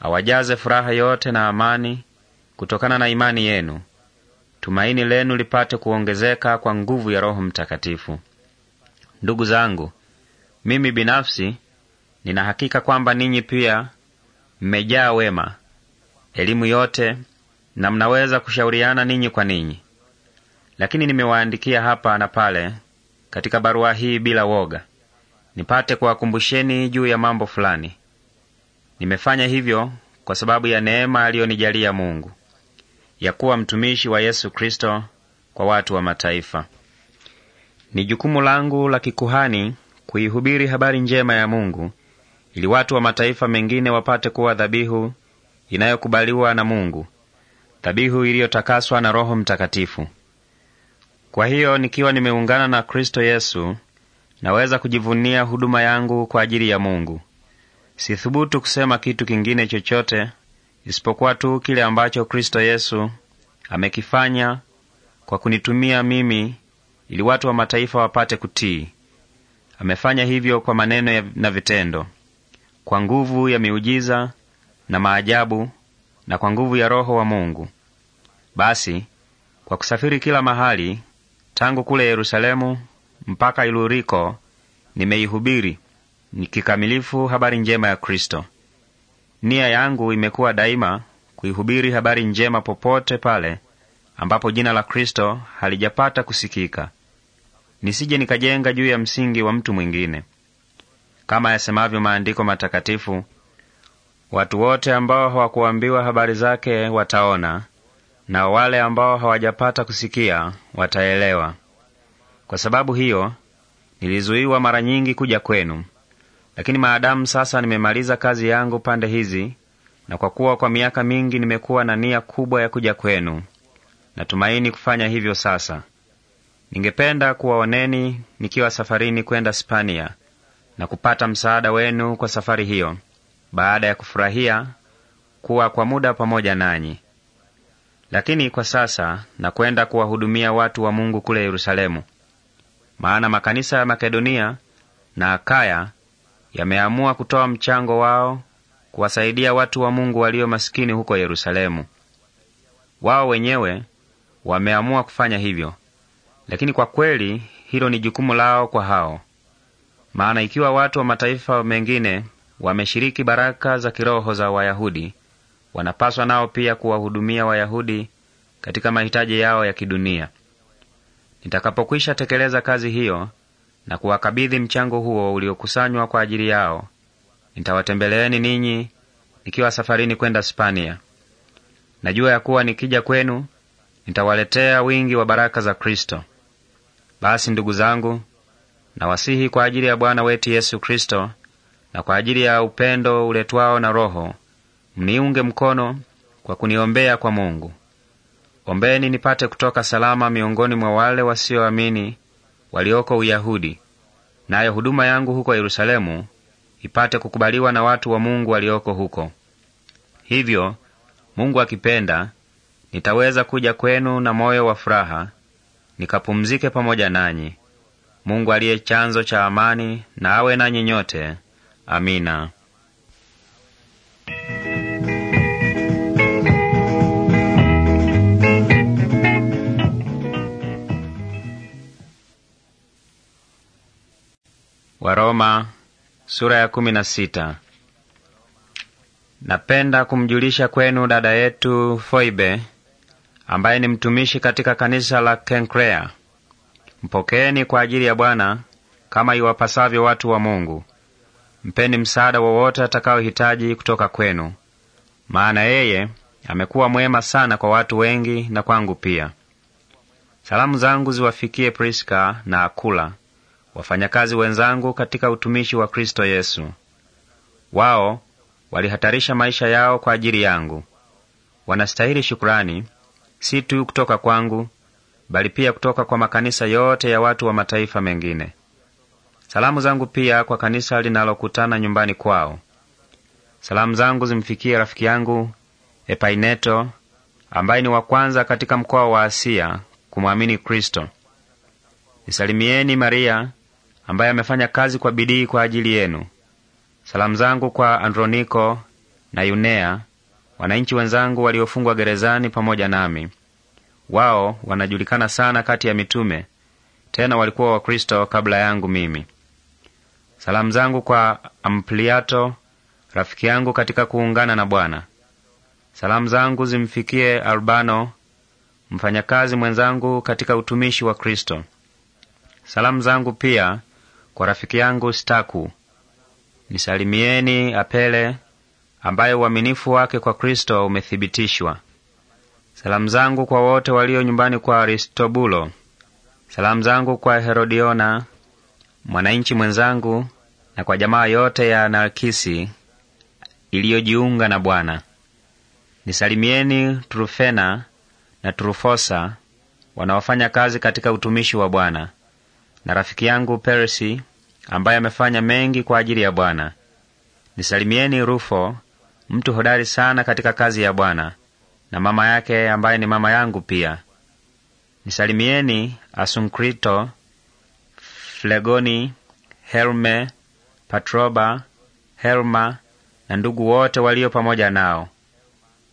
awajaze furaha yote na amani kutokana na imani yenu, tumaini lenu lipate kuongezeka kwa nguvu ya Roho Mtakatifu. Ndugu zangu, mimi binafsi ninahakika kwamba ninyi pia mmejaa wema, elimu yote na mnaweza kushauriana ninyi kwa ninyi. Lakini nimewaandikia hapa na pale katika barua hii bila woga, nipate kuwakumbusheni juu ya mambo fulani. Nimefanya hivyo kwa sababu ya neema aliyonijalia Mungu ya kuwa mtumishi wa Yesu Kristo kwa watu wa mataifa. Ni jukumu langu la kikuhani kuihubiri habari njema ya Mungu ili watu wa mataifa mengine wapate kuwa dhabihu inayokubaliwa na Mungu, dhabihu iliyotakaswa na Roho Mtakatifu. Kwa hiyo nikiwa nimeungana na Kristo Yesu, naweza kujivunia huduma yangu kwa ajili ya Mungu. Sithubutu kusema kitu kingine chochote isipokuwa tu kile ambacho Kristo Yesu amekifanya kwa kunitumia mimi ili watu wa mataifa wapate kutii. Amefanya hivyo kwa maneno na vitendo, kwa nguvu ya miujiza na maajabu na kwa nguvu ya Roho wa Mungu. Basi kwa kusafiri kila mahali tangu kule Yerusalemu mpaka Iluriko, nimeihubiri ni kikamilifu habari njema ya Kristo. Nia yangu imekuwa daima kuihubiri habari njema popote pale ambapo jina la Kristo halijapata kusikika, nisije nikajenga juu ya msingi wa mtu mwingine, kama yasemavyo maandiko matakatifu Watu wote ambao hawakuambiwa habari zake wataona, na wale ambao hawajapata kusikia wataelewa. Kwa sababu hiyo nilizuiwa mara nyingi kuja kwenu, lakini maadamu sasa nimemaliza kazi yangu pande hizi, na kwa kuwa kwa miaka mingi nimekuwa na nia kubwa ya kuja kwenu, natumaini kufanya hivyo sasa. Ningependa kuwaoneni nikiwa safarini kwenda Spania na kupata msaada wenu kwa safari hiyo baada ya kufurahia kuwa kwa muda pamoja nanyi. Lakini kwa sasa nakwenda kuwahudumia watu wa Mungu kule Yerusalemu, maana makanisa ya Makedonia na Akaya yameamua kutoa mchango wao kuwasaidia watu wa Mungu walio masikini huko Yerusalemu. Wao wenyewe wameamua kufanya hivyo, lakini kwa kweli hilo ni jukumu lao kwa hao. Maana ikiwa watu wa mataifa mengine wameshiriki baraka za kiroho za Wayahudi, wanapaswa nao pia kuwahudumia Wayahudi katika mahitaji yao ya kidunia. Nitakapokwisha tekeleza kazi hiyo na kuwakabidhi mchango huo uliokusanywa kwa ajili yao, nitawatembeleeni ninyi nikiwa safarini kwenda Spania. Najua ya kuwa nikija kwenu nitawaletea wingi wa baraka za Kristo. Basi ndugu zangu, nawasihi kwa ajili ya Bwana wetu Yesu Kristo na kwa ajili ya upendo uletwao na Roho, mniunge mkono kwa kuniombea kwa Mungu. Ombeni nipate kutoka salama miongoni mwa wale wasioamini walioko Uyahudi, nayo huduma yangu huko Yerusalemu ipate kukubaliwa na watu wa Mungu walioko huko. Hivyo Mungu akipenda, nitaweza kuja kwenu na moyo wa furaha, nikapumzike pamoja nanyi. Mungu aliye chanzo cha amani na awe nanyi nyote. Amina. Waroma, sura ya kumi na sita. Napenda kumjulisha kwenu dada yetu Foibe ambaye ni mtumishi katika kanisa la Kenkrea. Mpokeeni kwa ajili ya Bwana kama iwapasavyo watu wa Mungu mpeni msaada wowote atakaohitaji kutoka kwenu, maana yeye amekuwa mwema sana kwa watu wengi na kwangu pia. Salamu zangu ziwafikie Priska na Akula, wafanyakazi wenzangu katika utumishi wa Kristo Yesu. Wao walihatarisha maisha yao kwa ajili yangu. Wanastahili shukurani, si tu kutoka kwangu, bali pia kutoka kwa makanisa yote ya watu wa mataifa mengine. Salamu zangu pia kwa kanisa linalokutana nyumbani kwao. Salamu zangu zimfikie rafiki yangu Epaineto ambaye ni wa kwanza katika mkoa wa Asia kumwamini Kristo. Nisalimieni Maria ambaye amefanya kazi kwa bidii kwa ajili yenu. Salamu zangu kwa Androniko na Yunea, wananchi wenzangu waliofungwa gerezani pamoja nami. Wao wanajulikana sana kati ya mitume, tena walikuwa Wakristo kabla yangu mimi. Salamu zangu kwa Ampliato rafiki yangu katika kuungana na Bwana. Salamu zangu zimfikie Albano mfanyakazi mwenzangu katika utumishi wa Kristo. Salamu zangu pia kwa rafiki yangu Staku. Nisalimieni Apele ambaye uaminifu wake kwa Kristo umethibitishwa. Salamu zangu kwa wote walio nyumbani kwa Aristobulo. Salamu zangu kwa Herodiona mwananchi mwenzangu na kwa jamaa yote ya Narkisi iliyojiunga na Bwana. Nisalimieni Turufena na trufosa wanaofanya kazi katika utumishi wa Bwana, na rafiki yangu Persi ambaye amefanya mengi kwa ajili ya Bwana. Nisalimieni Rufo, mtu hodari sana katika kazi ya Bwana, na mama yake ambaye ni mama yangu pia. Nisalimieni Asunkrito Flegoni, Herme, Patroba, Herma na ndugu wote walio pamoja nao.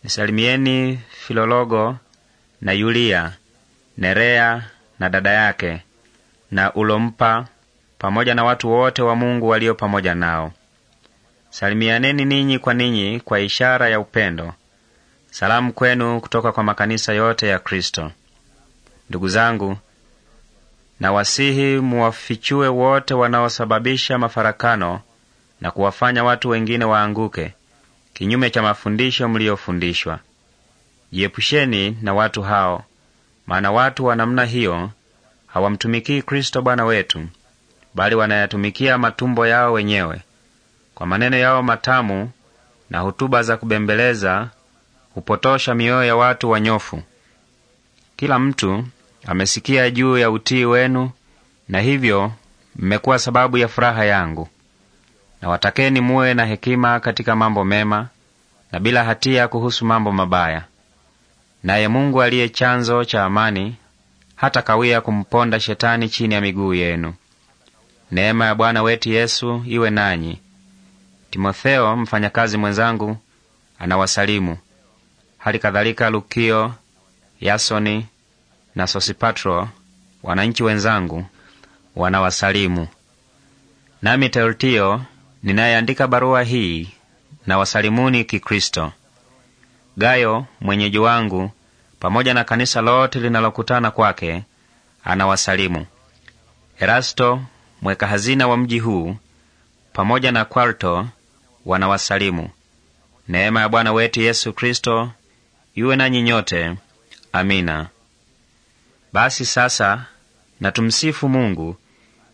Nisalimieni Filologo na Yulia, Nerea na dada yake na Ulompa pamoja na watu wote wa Mungu walio pamoja nao. Salimianeni ninyi kwa ninyi kwa ishara ya upendo. Salamu kwenu kutoka kwa makanisa yote ya Kristo. Ndugu zangu, na wasihi muwafichue wote wanaosababisha mafarakano na kuwafanya watu wengine waanguke kinyume cha mafundisho mliyofundishwa. Jiepusheni na watu hao, maana watu wa namna hiyo hawamtumikii Kristo Bwana wetu, bali wanayatumikia matumbo yao wenyewe. Kwa maneno yao matamu na hutuba za kubembeleza hupotosha mioyo ya watu wanyofu. Kila mtu amesikia juu ya utii wenu, na hivyo mmekuwa sababu ya furaha yangu. Na watakeni muwe na hekima katika mambo mema na bila hatia kuhusu mambo mabaya. Naye Mungu aliye chanzo cha amani hata kawia kumponda shetani chini ya miguu yenu. Neema ya Bwana wetu Yesu iwe nanyi. Timotheo mfanyakazi mwenzangu anawasalimu, hali kadhalika Lukio, Yasoni na Sosipatro, wananchi wenzangu, wanawasalimu. Nami Tertio ninayeandika barua hii na wasalimuni Kikristo. Gayo mwenyeji wangu pamoja na kanisa lote linalokutana kwake anawasalimu. Erasto mweka hazina wa mji huu pamoja na Kwarto wanawasalimu. Neema ya Bwana wetu Yesu Kristo iwe nanyi nyote. Amina. Basi sasa na tumsifu Mungu,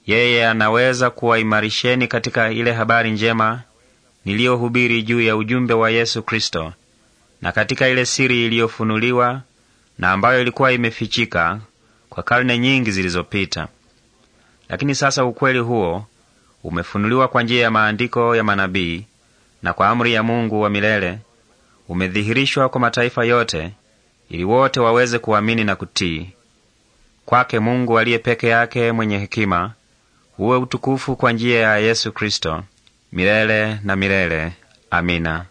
yeye anaweza kuwaimarisheni katika ile habari njema niliyohubiri juu ya ujumbe wa Yesu Kristo, na katika ile siri iliyofunuliwa na ambayo ilikuwa imefichika kwa karne nyingi zilizopita. Lakini sasa ukweli huo umefunuliwa kwa njia ya maandiko ya manabii na kwa amri ya Mungu wa milele, umedhihirishwa kwa mataifa yote ili wote waweze kuamini na kutii. Kwake Mungu aliye peke yake mwenye hekima, uwe utukufu kwa njia ya Yesu Kristo milele na milele. Amina.